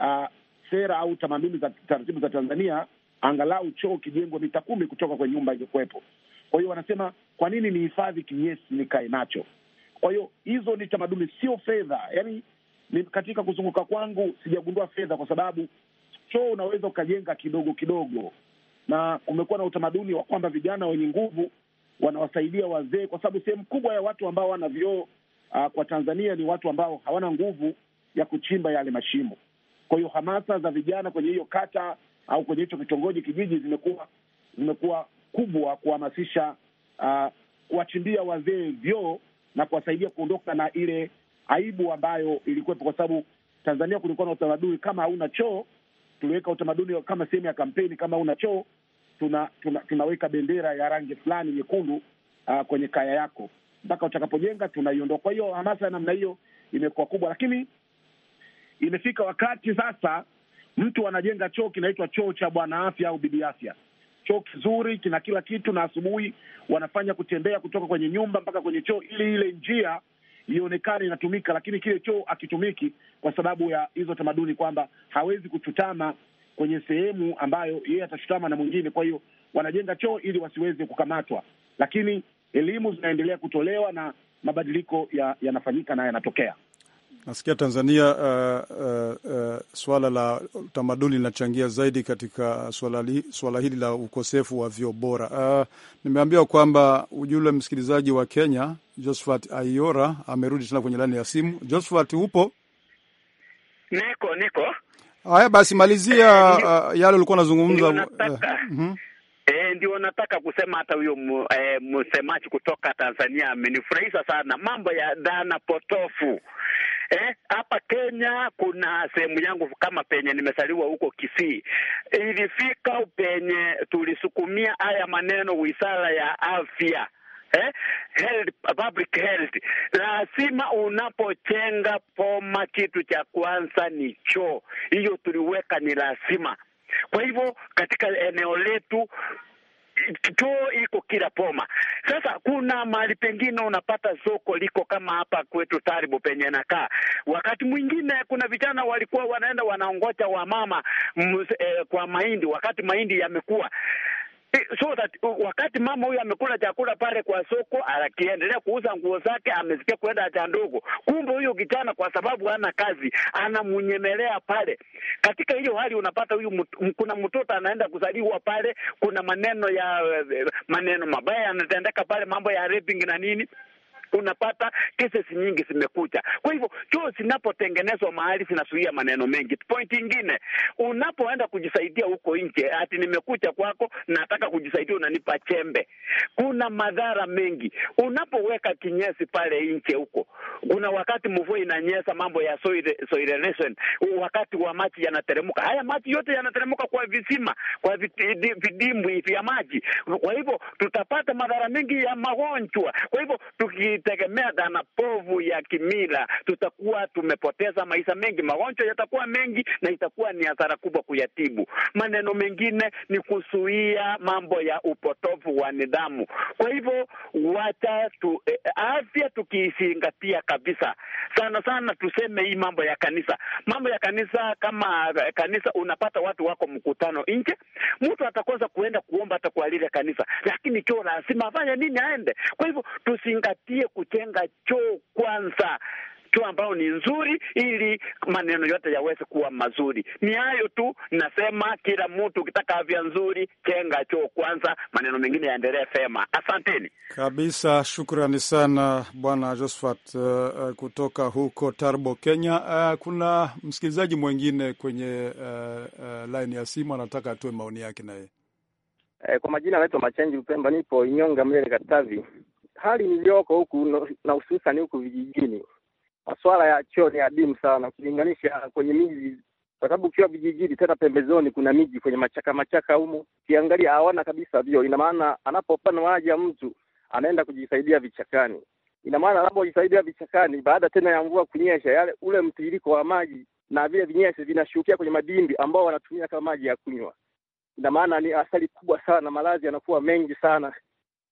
uh, sera au tamaduni za taratibu za Tanzania angalau choo kijengwe mita kumi kutoka kwenye nyumba iliyokuwepo. Kwa hiyo wanasema kwa nini ni hifadhi kinyesi nikae nacho? Kwa hiyo hizo ni tamaduni, sio fedha. Yani ni katika kuzunguka kwangu sijagundua fedha, kwa sababu choo unaweza ukajenga kidogo kidogo, na kumekuwa na utamaduni wa kwamba vijana wenye nguvu wanawasaidia wazee, kwa sababu sehemu kubwa ya watu ambao wana vyoo uh, kwa Tanzania ni watu ambao hawana nguvu ya kuchimba yale mashimo. Kwa hiyo hamasa za vijana kwenye hiyo kata au kwenye hicho kitongoji kijiji zimekuwa zimekuwa kubwa kuhamasisha uh, kuwachimbia wazee vyoo na kuwasaidia kuondoka na ile aibu ambayo ilikuwepo, kwa sababu Tanzania kulikuwa na utamaduni kama hauna choo, tuliweka utamaduni kama sehemu ya kampeni, kama hauna choo tuna, tuna, tunaweka bendera ya rangi fulani nyekundu uh, kwenye kaya yako mpaka utakapojenga tunaiondoa. Kwa hiyo hamasa ya namna hiyo imekuwa kubwa, lakini imefika wakati sasa Mtu anajenga choo kinaitwa choo cha bwana afya au bibi afya, choo kizuri, kina kila kitu, na asubuhi wanafanya kutembea kutoka kwenye nyumba mpaka kwenye choo ili ile njia ionekane inatumika, lakini kile choo hakitumiki kwa sababu ya hizo tamaduni, kwamba hawezi kuchutama kwenye sehemu ambayo yeye atachutama na mwingine. Kwa hiyo wanajenga choo ili wasiweze kukamatwa, lakini elimu zinaendelea kutolewa na mabadiliko yanafanyika ya na yanatokea. Nasikia Tanzania uh, uh, uh, swala la utamaduni linachangia zaidi katika swala, li, swala hili la ukosefu wa vyoo bora. Uh, nimeambiwa kwamba ujule msikilizaji wa Kenya Josphat Aiora amerudi tena kwenye laini ya simu. Josphat, upo? Niko, niko. Haya basi, malizia eh, uh, yale ulikuwa unazungumza. E, ndio nataka kusema hata huyo e, msemaji kutoka Tanzania amenifurahisha sana, mambo ya dhana potofu Eh, hapa eh, Kenya kuna sehemu yangu kama penye nimesaliwa huko Kisii, ilifika penye tulisukumia haya maneno wizara ya afya eh, health, public health. Lazima unapochenga poma, kitu cha kwanza ni choo. Hiyo tuliweka ni lazima. Kwa hivyo katika eneo letu Choo iko kila poma. Sasa kuna mahali pengine unapata soko liko kama hapa kwetu taribu penye nakaa. Wakati mwingine kuna vijana walikuwa wanaenda wanaongoja wamama mz, eh, kwa mahindi wakati mahindi yamekuwa so that uh, wakati mama huyu amekula chakula pale kwa soko, akiendelea kuuza nguo zake, amesikia kwenda haja ndogo. Kumbe huyu kijana kwa sababu hana kazi, anamnyemelea pale. Katika hiyo hali unapata huyu, kuna mtoto anaenda kuzaliwa pale, kuna maneno ya eh, eh, maneno mabaya yanatendeka pale, mambo ya raping na nini unapata kesi nyingi zimekuja. Kwa hivyo choo zinapotengenezwa mahali zinasuia maneno mengi. Point ingine, unapoenda kujisaidia huko nje, ati nimekuja kwako, nataka kujisaidia, unanipa chembe, kuna madhara mengi. Unapoweka kinyesi pale nje huko, kuna wakati mvua inanyesa, mambo ya soil, soil erosion, wakati wa maji yanateremka. Haya maji yote yanateremka kwa visima, kwa vidimbwi vya maji. Kwa hivyo tutapata madhara mengi ya magonjwa. Kwa hivyo tuki tukitegemea dhana povu ya kimila, tutakuwa tumepoteza maisha mengi, magonjwa yatakuwa mengi na itakuwa ni hasara kubwa kuyatibu. Maneno mengine ni kuzuia mambo ya upotovu wa nidhamu. Kwa hivyo wacha tu, eh, afya tukizingatia kabisa, sana sana tuseme hii mambo ya kanisa, mambo ya kanisa. Kama e, kanisa unapata watu wako mkutano nje, mtu atakosa kuenda kuomba hata kwa lile kanisa, lakini kio lazima afanye nini? Aende. Kwa hivyo tuzingatie tuanze kujenga choo kwanza choo ambayo ni nzuri ili maneno yote yaweze kuwa mazuri. Ni hayo tu nasema, kila mtu ukitaka afya nzuri chenga choo kwanza, maneno mengine yaendelee fema. Asanteni kabisa, shukrani sana Bwana Josphat uh, uh, kutoka huko Tarbo, Kenya. Uh, kuna msikilizaji mwengine kwenye uh, uh, line ya simu anataka atoe maoni yake naye. Eh, kwa majina anaitwa Machenji Upemba, nipo Inyonga Mlele, Katavi hali iliyoko huku na hususani huku vijijini, masuala ya choo ni adimu sana ukilinganisha kwenye miji, kwa sababu ukiwa vijijini, tena pembezoni, kuna miji kwenye machaka machaka humo, ukiangalia hawana kabisa vyoo. Ina maana anapopana haja mtu anaenda kujisaidia vichakani. Ina maana anapojisaidia vichakani, baada tena ya mvua kunyesha, yale ule mtiririko wa maji na vile vinyesi vinashukia kwenye madimbi ambao wanatumia kama maji ya kunywa. Ina maana ni athari kubwa sana, maradhi yanakuwa mengi sana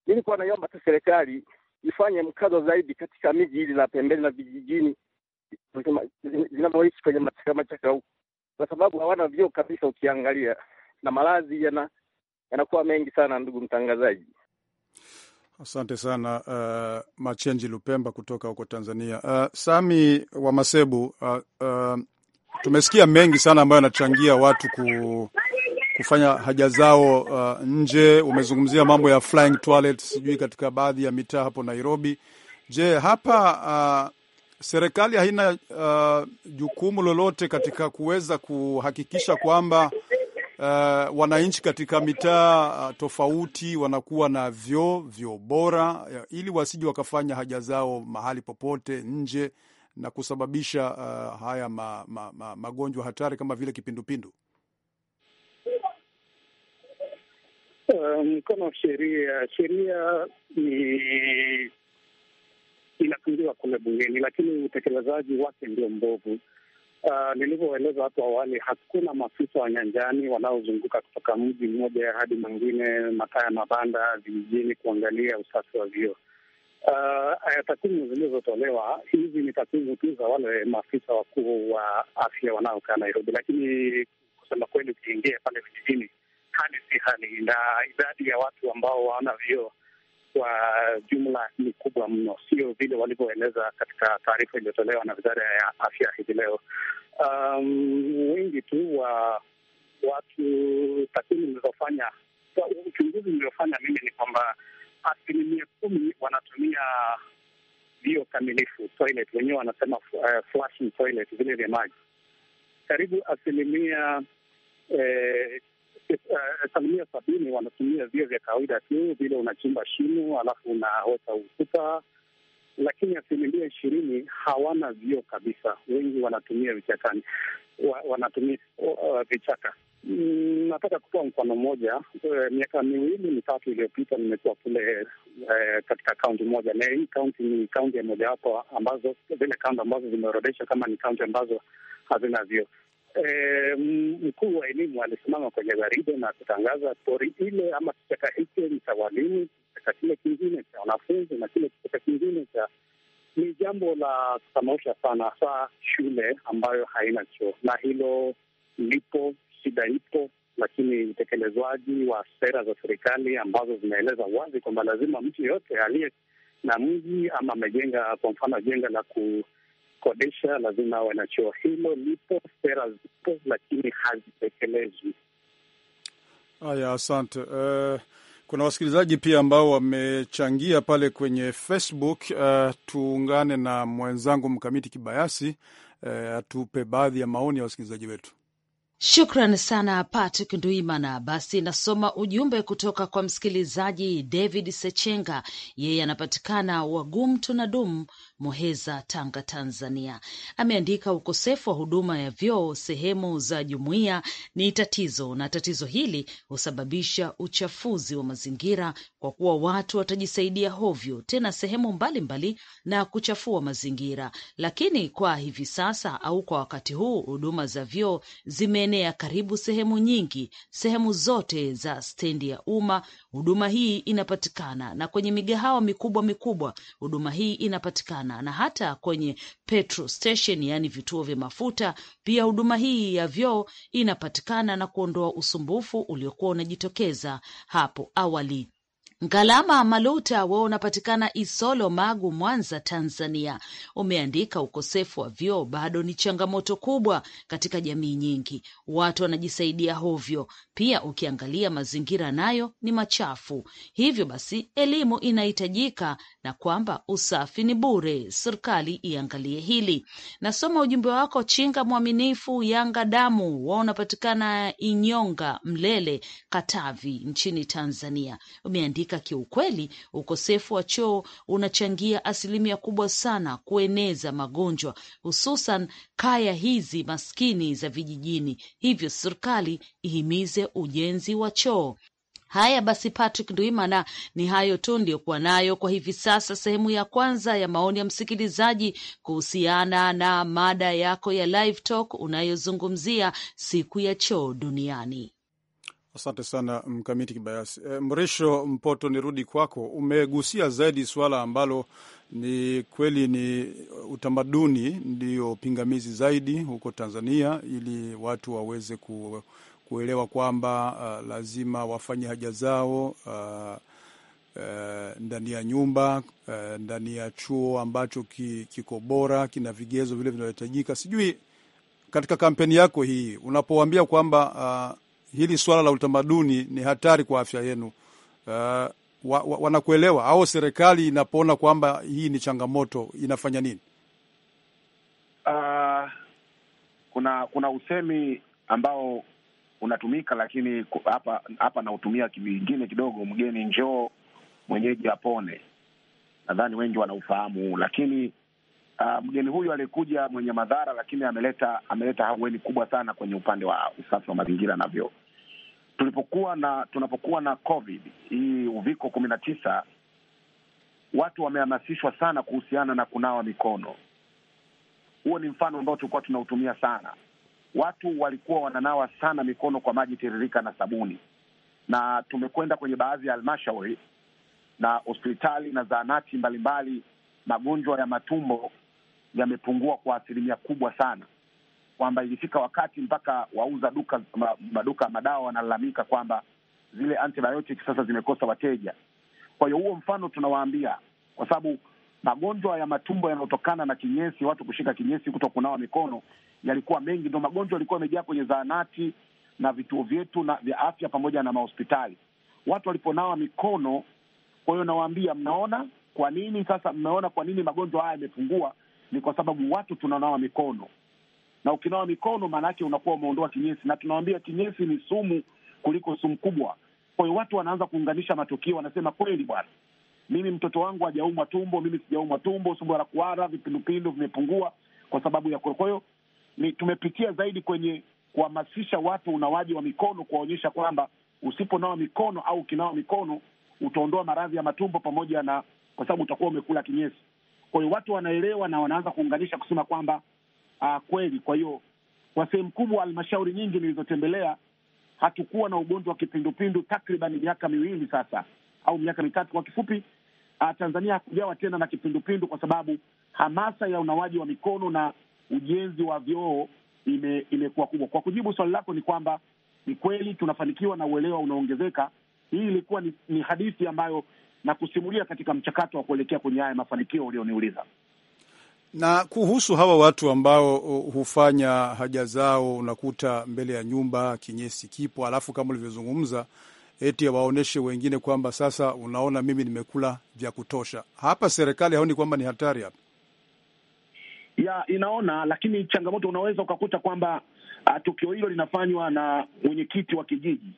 nilikuwa naiomba tu serikali ifanye mkazo zaidi katika miji hili la pembeni na vijijini zinazoishi kwenye machaka machaka huko, kwa sababu hawana vyoo kabisa, ukiangalia na malazi yana yanakuwa mengi sana. Ndugu mtangazaji, asante sana. Uh, Machenji Lupemba kutoka huko Tanzania. Uh, Sami wa Masebu, uh, uh, tumesikia mengi sana ambayo yanachangia watu ku kufanya haja zao uh, nje. Umezungumzia mambo ya flying toilet, sijui katika baadhi ya mitaa hapo Nairobi. Je, hapa uh, serikali haina uh, jukumu lolote katika kuweza kuhakikisha kwamba uh, wananchi katika mitaa uh, tofauti wanakuwa na vyoo vyoo bora, uh, ili wasije wakafanya haja zao mahali popote nje na kusababisha uh, haya ma, ma, ma, magonjwa hatari kama vile kipindupindu? mkono um, wa sheria. Sheria ni inatungiwa kule bungeni, lakini utekelezaji wake ndio mbovu. Uh, nilivyoeleza hapo awali, hakuna maafisa wa nyanjani wanaozunguka kutoka mji mmoja hadi mwingine, makaa ya mabanda vijijini, kuangalia usafi wa vyoo. Uh, takwimu zilizotolewa hizi ni takwimu tu za wale maafisa wakuu wa afya wanaokaa Nairobi, lakini kusema kweli, ukiingia pale vijijini hali si hali, na idadi ya watu ambao waona vyoo kwa jumla ni kubwa mno, sio vile walivyoeleza katika taarifa iliyotolewa na wizara ya afya hivi leo. Um, wengi tu wa watu, takwimu nilizofanya, uchunguzi niliofanya mimi ni kwamba asilimia kumi wanatumia vio kamilifu toilet, wenyewe wanasema uh, flushing toilet, vile vya maji. Karibu asilimia eh, asilimia sabini wanatumia vio vya kawaida tu, vile unachimba shimo alafu unaweka ukuta, lakini asilimia ishirini hawana vio kabisa. Wengi wanatumia vichakani, wa, wanatumia uh, vichaka. Mm, nataka kutoa mfano mmoja. uh, eh, miaka miwili mitatu iliyopita nimekuwa kule uh, katika kaunti moja, na hii kaunti ni kaunti ya mojawapo ambazo zile kaunti ambazo zimeorodeshwa kama ni kaunti ambazo hazina vio Eh, mkuu wa elimu alisimama kwenye gwaride na kutangaza stori ile ama kichaka hicho ni cha walimu, kichaka kile kingine cha wanafunzi na kile kichaka kingine cha ni jambo la kutamausha sana, hasa shule ambayo haina choo. Na hilo lipo, shida ipo, lakini utekelezwaji wa sera za serikali ambazo zinaeleza wazi kwamba lazima mtu yeyote aliye na mji ama amejenga, kwa mfano jenga la ku kukodesha lazima awe na Hilo lipo, sera zipo, lakini hazitekelezwi. Haya, asante. Uh, kuna wasikilizaji pia ambao wamechangia pale kwenye Facebook. Uh, tuungane na mwenzangu Mkamiti Kibayasi, uh, atupe baadhi ya maoni ya wasikilizaji wetu. Shukran sana Patrick Ndwimana. Basi nasoma ujumbe kutoka kwa msikilizaji David Sechenga, yeye anapatikana Wagum Tunadum, Muheza, Tanga, Tanzania. Ameandika ukosefu wa huduma ya vyoo sehemu za jumuiya ni tatizo, na tatizo hili husababisha uchafuzi wa mazingira kwa kuwa watu watajisaidia hovyo, tena sehemu mbalimbali mbali, na kuchafua mazingira. Lakini kwa hivi sasa au kwa wakati huu huduma za vyoo zime mengine ya karibu sehemu nyingi, sehemu zote za stendi ya umma huduma hii inapatikana, na kwenye migahawa mikubwa mikubwa huduma hii inapatikana, na hata kwenye petrol station, yaani vituo vya mafuta, pia huduma hii ya vyoo inapatikana na kuondoa usumbufu uliokuwa unajitokeza hapo awali. Ngalama Maluta wa unapatikana Isolo, Magu, Mwanza, Tanzania, umeandika ukosefu wa vyoo bado ni changamoto kubwa katika jamii nyingi, watu wanajisaidia hovyo. Pia ukiangalia mazingira nayo ni machafu, hivyo basi elimu inahitajika na kwamba usafi ni bure. Serikali iangalie hili. Nasoma ujumbe wako Chinga Mwaminifu Yanga Damu wa unapatikana Inyonga, Mlele, Katavi nchini Tanzania, umeandika Afrika kiukweli, ukosefu wa choo unachangia asilimia kubwa sana kueneza magonjwa, hususan kaya hizi maskini za vijijini. Hivyo serikali ihimize ujenzi wa choo. Haya basi, Patrick Ndwimana, ni hayo tu ndiyokuwa nayo kwa hivi sasa, sehemu ya kwanza ya maoni ya msikilizaji kuhusiana na mada yako ya live talk unayozungumzia siku ya choo duniani. Asante sana Mkamiti Kibayasi. E, Mrisho Mpoto, nirudi kwako. Umegusia zaidi suala ambalo ni kweli ni utamaduni ndio pingamizi zaidi huko Tanzania, ili watu waweze ku, kuelewa kwamba uh, lazima wafanye haja zao uh, Uh, ndani ya nyumba uh, ndani ya chuo ambacho ki, kiko bora kina vigezo vile vinavyohitajika. Sijui katika kampeni yako hii unapowambia kwamba ah, hili swala la utamaduni ni hatari kwa afya yenu. Uh, wa, wa, wanakuelewa au serikali inapoona kwamba hii ni changamoto inafanya nini? Uh, kuna kuna usemi ambao unatumika lakini hapa hapa nautumia kingine kidogo, mgeni njoo mwenyeji apone. Nadhani wengi wanaufahamu huu, lakini uh, mgeni huyu alikuja mwenye madhara, lakini ameleta ameleta ahueni kubwa sana kwenye upande wa usafi wa mazingira na vyoo tulipokuwa na tunapokuwa na COVID hii uviko kumi na tisa, watu wamehamasishwa sana kuhusiana na kunawa mikono. Huo ni mfano ambao tulikuwa tunautumia sana. Watu walikuwa wananawa sana mikono kwa maji tiririka na sabuni, na tumekwenda kwenye baadhi ya halmashauri na hospitali na zahanati mbalimbali, magonjwa ya matumbo yamepungua kwa asilimia kubwa sana kwamba ilifika wakati mpaka wauza duka maduka madawa wanalalamika kwamba zile antibiotic sasa zimekosa wateja. Kwa hiyo huo mfano tunawaambia, kwa sababu magonjwa ya matumbo yanayotokana na kinyesi, watu kushika kinyesi, kuto kunawa mikono, yalikuwa mengi, ndo magonjwa yalikuwa yamejaa kwenye zahanati na vituo vyetu na vya afya pamoja na mahospitali, watu waliponawa mikono. Kwa hiyo nawaambia, mnaona kwa nini sasa, mmeona kwa nini magonjwa haya yamepungua? Ni kwa sababu watu tunanawa mikono na ukinawa mikono, maanaake unakuwa umeondoa kinyesi, na tunawambia kinyesi ni sumu kuliko sumu kubwa. Kwa hiyo watu wanaanza kuunganisha matukio, wanasema kweli bwana, mimi mtoto wangu hajaumwa tumbo, mimi sijaumwa tumbo, sumbua la kuhara, vipindupindu vimepungua kwa sababu ya. Kwa hiyo ni tumepitia zaidi kwenye kuhamasisha watu unawaji wa mikono, kuwaonyesha kwamba usiponawa mikono au ukinawa mikono utaondoa maradhi ya matumbo pamoja na, kwa sababu utakuwa umekula kinyesi. Kwa hiyo watu wanaelewa na wanaanza kuunganisha kusema kwamba uh, kweli. Kwa hiyo kwa sehemu kubwa halmashauri nyingi nilizotembelea hatukuwa na ugonjwa wa kipindupindu takriban miaka miwili sasa au miaka mitatu. Kwa kifupi, uh, Tanzania hakujawa tena na kipindupindu kwa sababu hamasa ya unawaji wa mikono na ujenzi wa vyoo ime, imekuwa kubwa. Kwa kujibu swali lako, ni kwamba ni kweli tunafanikiwa na uelewa unaongezeka. Hii ilikuwa ni, ni hadithi ambayo nakusimulia katika mchakato wa kuelekea kwenye haya mafanikio ulioniuliza. Na kuhusu hawa watu ambao uh, hufanya haja zao, unakuta mbele ya nyumba kinyesi kipo, alafu kama ulivyozungumza, eti waoneshe wengine kwamba sasa, unaona mimi nimekula vya kutosha hapa. Serikali haoni kwamba ni hatari hapa ya inaona, lakini changamoto unaweza ukakuta kwamba uh, tukio hilo linafanywa na mwenyekiti wa kijiji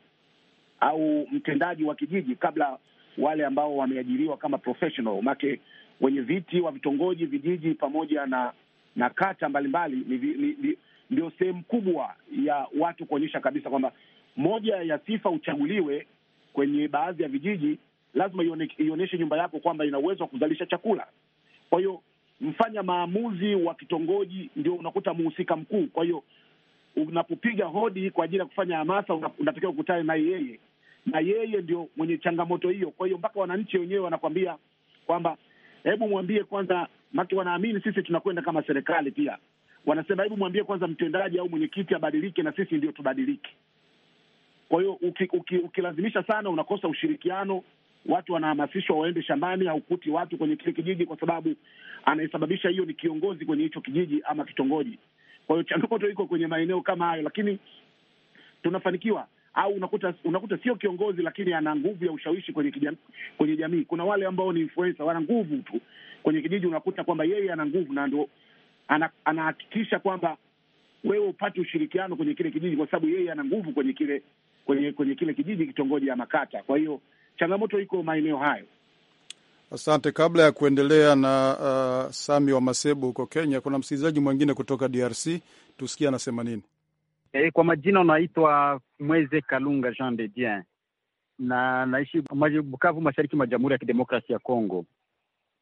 au mtendaji wa kijiji kabla wale ambao wameajiriwa kama professional make wenye viti wa vitongoji, vijiji pamoja na na kata mbalimbali ndio sehemu kubwa ya watu kuonyesha kabisa kwamba moja ya sifa uchaguliwe kwenye baadhi ya vijiji, lazima ionyeshe nyumba yako kwamba ina uwezo wa kuzalisha chakula. Kwa hiyo mfanya maamuzi wa kitongoji ndio unakuta mhusika mkuu. Kwa hiyo unapopiga hodi kwa ajili ya kufanya hamasa, unatakiwa kukutana naye yeye, na yeye ndio mwenye changamoto hiyo. Kwa hiyo mpaka wananchi wenyewe wanakwambia kwamba hebu mwambie kwanza, maki wanaamini sisi tunakwenda kama serikali pia wanasema hebu mwambie kwanza mtendaji au mwenyekiti abadilike na sisi ndio tubadilike. Kwa hiyo uki, uki, ukilazimisha sana unakosa ushirikiano. Watu wanahamasishwa waende shambani, haukuti watu kwenye kile kijiji, kwa sababu anayesababisha hiyo ni kiongozi kwenye hicho kijiji ama kitongoji. Kwa hiyo changamoto iko kwenye maeneo kama hayo, lakini tunafanikiwa au unakuta unakuta sio kiongozi, lakini ana nguvu ya ushawishi kwenye kijami, kwenye jamii. Kuna wale ambao ni influencer, wana nguvu tu kwenye kijiji, unakuta kwamba yeye ana nguvu na ndo anahakikisha ana kwamba wewe upate ushirikiano kwenye kile kijiji, kwa sababu yeye ana nguvu kwenye kile kwenye kwenye kile kijiji, kitongoji ya makata. Kwa hiyo changamoto iko maeneo hayo. Asante. Kabla ya kuendelea na uh, Sami wa Masebu huko Kenya, kuna msikilizaji mwingine kutoka DRC, tusikie anasema nini. E, kwa majina unaitwa Mweze Kalunga Jean de Dien na naishi Bukavu, mashariki mwa Jamhuri ya kidemokrasi ya Kongo.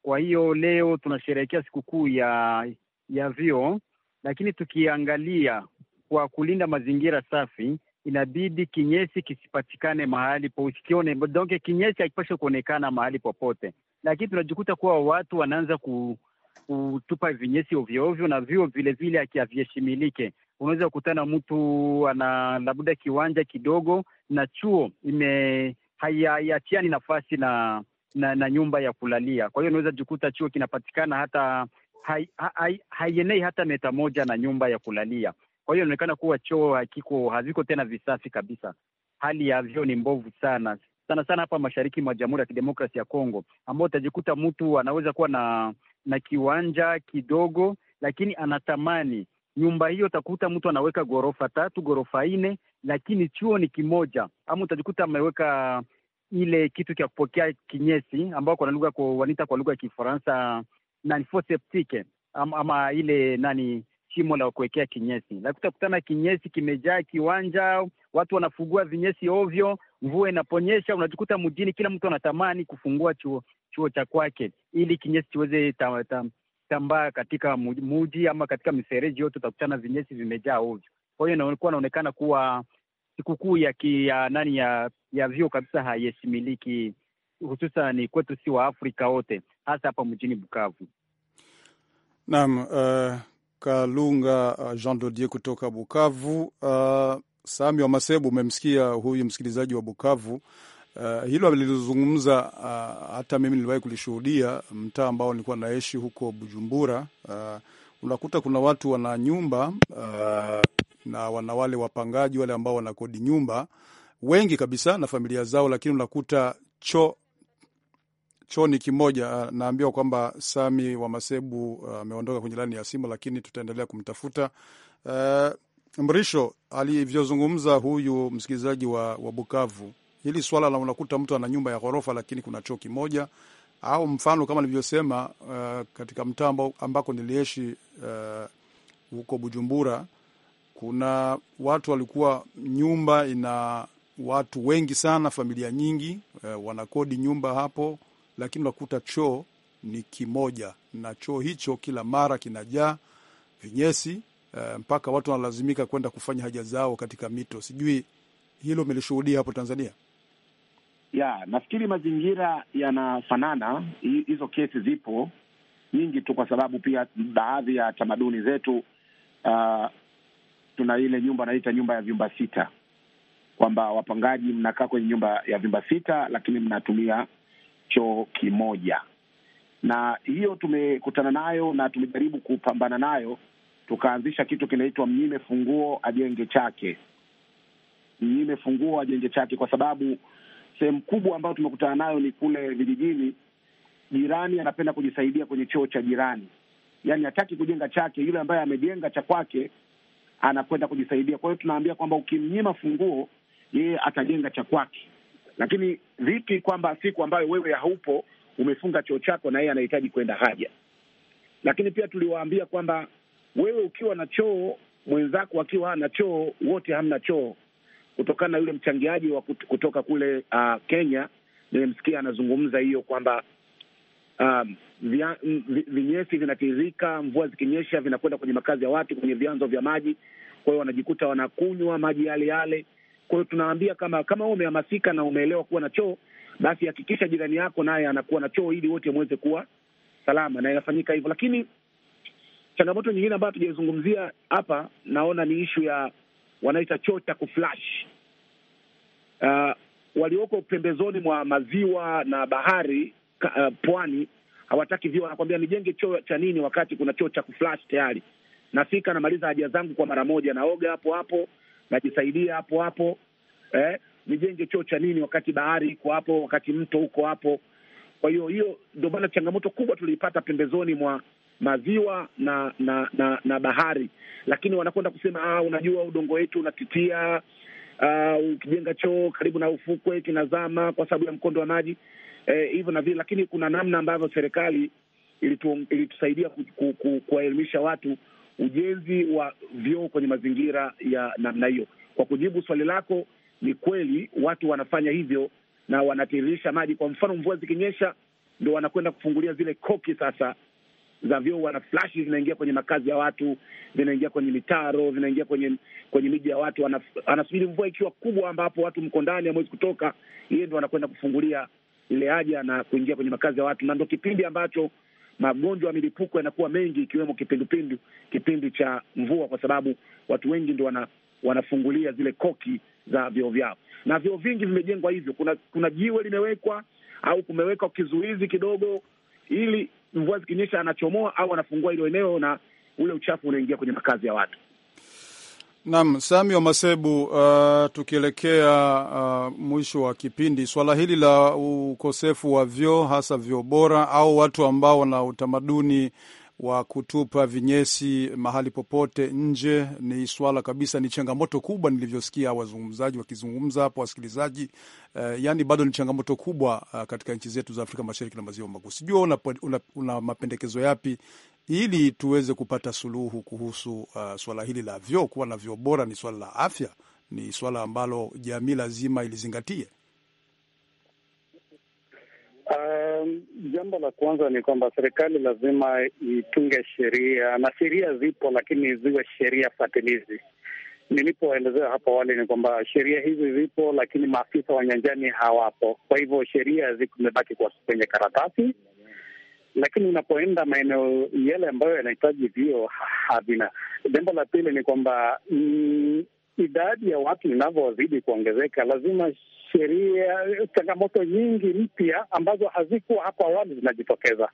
Kwa hiyo leo tunasherehekea sikukuu ya ya vyoo, lakini tukiangalia kwa kulinda mazingira safi, inabidi kinyesi kisipatikane mahali po usikione, kinyesi hakipashe kuonekana mahali popote, lakini tunajikuta kuwa watu wanaanza ku, kutupa vinyesi ovyoovyo na vyoo vilevile vile unaweza kukutana mtu ana labda kiwanja kidogo na chuo ime haiachiani nafasi na, na na nyumba ya kulalia. Kwa hiyo unaweza jikuta chuo kinapatikana hata haienei hata meta moja na nyumba ya kulalia. Kwa hiyo inaonekana kuwa choo hakiko haziko tena visafi kabisa. Hali ya vyo ni mbovu sana sana sana hapa mashariki mwa Jamhuri ya kidemokrasi ya Kongo, ambao utajikuta mtu anaweza kuwa na na kiwanja kidogo, lakini anatamani nyumba hiyo utakuta mtu anaweka ghorofa tatu, ghorofa nne, lakini chuo ni kimoja, ama utajikuta ameweka ile kitu cha kupokea kinyesi ambao kwa lugha wanita kwa lugha ya Kifaransa nanifo ama, ama ile nani shimo la kuwekea kinyesi, utakutana kinyesi kimejaa kiwanja, watu wanafugua vinyesi ovyo, mvua inaponyesha, unajikuta mjini, kila mtu anatamani kufungua chuo chuo cha kwake ili kinyesi kiweze kitambaa katika muji ama katika mifereji yote, utakutana vinyesi vimejaa ovyo. Kwa hiyo inakuwa inaonekana kuwa sikukuu ya ki, ya nani ya ya vyo kabisa haiheshimiliki, hususan kwetu si wa Afrika wote, hasa hapa mjini Bukavu. Naam, uh, Kalunga uh, Jean Dodier kutoka Bukavu. Uh, Sami wa Masebu, umemsikia huyu msikilizaji wa Bukavu Uh, hilo alilizungumza uh, eh, hata mimi niliwahi kulishuhudia mtaa ambao nilikuwa naishi huko Bujumbura. Uh, unakuta kuna watu wana nyumba uh, na wana wale wapangaji wale ambao wanakodi nyumba wengi kabisa na familia zao, lakini unakuta cho choo ni kimoja. Naambiwa kwamba Sami wa Masebu ameondoka uh, kwenye laini ya simu, lakini tutaendelea kumtafuta uh, Mrisho. Alivyozungumza huyu msikilizaji wa, wa Bukavu hili swala la unakuta mtu ana nyumba ya ghorofa lakini kuna choo kimoja au mfano kama nilivyosema, uh, katika mtaa ambako niliishi uh, huko uh, Bujumbura, kuna watu walikuwa nyumba ina watu wengi sana, familia nyingi, uh, wanakodi nyumba hapo, lakini unakuta choo ni kimoja, na choo hicho kila mara kinajaa vinyesi uh, mpaka watu wanalazimika kwenda kufanya haja zao katika mito. Sijui hilo umelishuhudia hapo Tanzania? ya nafikiri mazingira yanafanana. Hizo kesi zipo nyingi tu, kwa sababu pia baadhi ya tamaduni zetu uh, tuna ile nyumba naita nyumba ya vyumba sita, kwamba wapangaji mnakaa kwenye nyumba ya vyumba sita, lakini mnatumia choo kimoja, na hiyo tumekutana nayo na tumejaribu kupambana nayo. Tukaanzisha kitu kinaitwa mnyime funguo ajenge chake, mnyime funguo ajenge chake, kwa sababu sehemu kubwa ambayo tumekutana nayo ni kule vijijini. Jirani anapenda kujisaidia kwenye choo cha jirani, yaani hataki kujenga chake, yule ambaye amejenga cha kwake anakwenda kujisaidia. Kwa hiyo tunaambia kwamba ukimnyima funguo, yeye atajenga cha kwake. Lakini vipi kwamba siku ambayo wewe haupo umefunga choo chako na yeye anahitaji kwenda haja? Lakini pia tuliwaambia kwamba wewe ukiwa na choo, mwenzako akiwa hana choo, wote hamna choo kutokana na yule mchangiaji wa kutoka kule uh, Kenya, nimemsikia anazungumza hiyo kwamba um, vinyesi vinatiririka, mvua zikinyesha vinakwenda kwenye makazi ya watu, kwenye vyanzo vya maji, kwa hiyo wanajikuta wanakunywa maji yale yale. Kwa hiyo tunaambia kama kama wewe umehamasika na umeelewa kuwa na choo, basi hakikisha jirani yako naye anakuwa na choo ili wote mweze kuwa salama, na inafanyika hivyo. Lakini changamoto nyingine ambayo tujaizungumzia hapa, naona ni ishu ya wanaita choo cha kuflash. Uh, walioko pembezoni mwa maziwa na bahari ka, uh, pwani hawataki vyoo, wanakwambia nijenge choo cha nini wakati kuna choo cha kuflash tayari. Nafika namaliza haja zangu kwa mara moja, naoga hapo hapo, najisaidia hapo hapo eh? Nijenge choo cha nini wakati bahari iko hapo, wakati mto uko hapo? Kwa hiyo hiyo ndio maana changamoto kubwa tuliipata pembezoni mwa maziwa na na na, na bahari, lakini wanakwenda kusema ah, unajua udongo wetu unatitia ah, ukijenga choo karibu na ufukwe kinazama kwa sababu ya mkondo wa maji eh, hivyo eh, na vile. Lakini kuna namna ambavyo serikali ilitu, ilitusaidia kuwaelimisha ku, ku, watu ujenzi wa vyoo kwenye mazingira ya namna hiyo. Kwa kujibu swali lako, ni kweli watu wanafanya hivyo na wanatiririsha maji. Kwa mfano, mvua zikinyesha, ndo wanakwenda kufungulia zile koki sasa za vyoo, wana flashi zinaingia kwenye makazi ya watu, zinaingia kwenye mitaro, zinaingia kwenye kwenye miji ya watu. anasubiri mvua ikiwa kubwa, ambapo watu mko ndani, hamwezi kutoka, yeye ndo anakwenda kufungulia ile haja na kuingia kwenye makazi ya watu, na ndo kipindi ambacho magonjwa ya milipuko yanakuwa mengi, ikiwemo kipindupindu, kipindi cha mvua, kwa sababu watu wengi ndo wana, wanafungulia zile koki za vyoo vyao, na vyoo vingi vimejengwa hivyo. Kuna kuna jiwe limewekwa au kumewekwa kizuizi kidogo, ili mvua zikinyesha anachomoa au anafungua hilo eneo na ule uchafu unaingia kwenye makazi ya watu. Naam, Sami wa Masebu. Uh, tukielekea uh, mwisho wa kipindi, swala hili la ukosefu wa vyoo hasa vyoo bora au watu ambao wana utamaduni wa kutupa vinyesi mahali popote nje ni swala kabisa, ni changamoto kubwa nilivyosikia wazungumzaji wakizungumza hapo, wasikilizaji uh, yani bado ni changamoto kubwa uh, katika nchi zetu za Afrika Mashariki na Maziwa Makuu. Sijua una, una, una mapendekezo yapi ili tuweze kupata suluhu kuhusu uh, swala hili la vyoo. Kuwa na vyoo bora ni swala la afya, ni swala ambalo jamii lazima ilizingatie. Um, jambo la kwanza ni kwamba serikali lazima itunge sheria na sheria zipo, lakini ziwe sheria fatilizi. Nilipoelezea hapo awali ni kwamba sheria hizi zipo, lakini maafisa wa nyanjani hawapo. Kwa hivyo sheria zimebaki kwenye karatasi, lakini unapoenda maeneo yale ambayo yanahitaji vio havina. Jambo la pili ni kwamba mm, idadi ya watu inavyozidi kuongezeka, lazima sheria, changamoto nyingi mpya ambazo hazikuwa hapo awali zinajitokeza.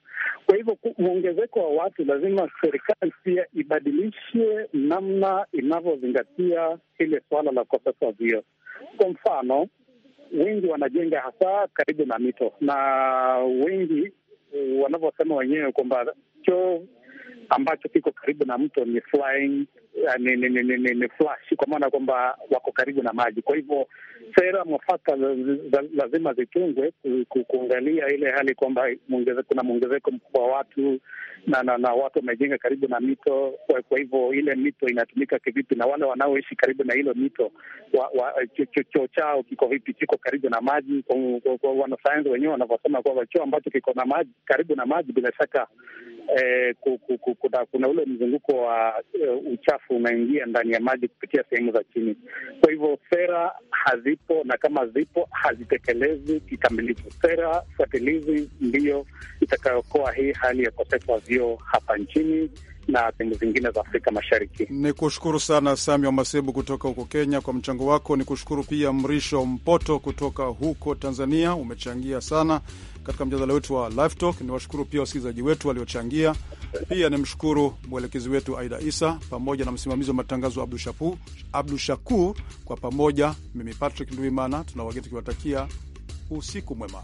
Kwa hivyo mwongezeko wa watu, lazima serikali pia ibadilishe namna inavyozingatia ile suala la ukosefu wa Kwa mfano, wengi wanajenga hasa karibu na mito, na wengi wanavyosema wenyewe kwamba choo ambacho kiko karibu na mto ni flying ni, ni, ni, ni, ni flash kwa maana kwamba wako karibu na maji. Kwa hivyo sera mwafaka lazima zitungwe kuangalia ile hali kwamba kuna mwongezeko mkubwa wa watu na, na, na watu wamejenga karibu na mito. Kwa, kwa hivyo ile mito inatumika kivipi, na wale wanaoishi karibu na hilo mito wa, wa, choo chao kiko vipi? Kiko karibu na maji? Wanasayansi wenyewe wanavyosema kwamba choo ambacho kiko na maji, karibu na maji, bila shaka eh, kuna, kuna ule mzunguko wa uh, uchafu uchafu unaingia ndani ya maji kupitia sehemu za chini. Kwa hivyo sera hazipo, na kama zipo hazitekelezwi kikamilifu. Sera fuatilizi ndiyo itakayokoa hii hali ya ukosefu wa vyoo hapa nchini na sehemu zingine za Afrika Mashariki. Ni kushukuru sana Sami wa Masebu kutoka huko Kenya kwa mchango wako. Ni kushukuru pia Mrisho Mpoto kutoka huko Tanzania, umechangia sana katika mjadala wetu wa live talk. Niwashukuru pia wasikilizaji wetu waliochangia, pia nimshukuru mwelekezi wetu Aida Isa pamoja na msimamizi wa matangazo Abdu Shapu, Abdu Shakur. Kwa pamoja, mimi Patrick Nduimana tuna wageni tukiwatakia usiku mwema.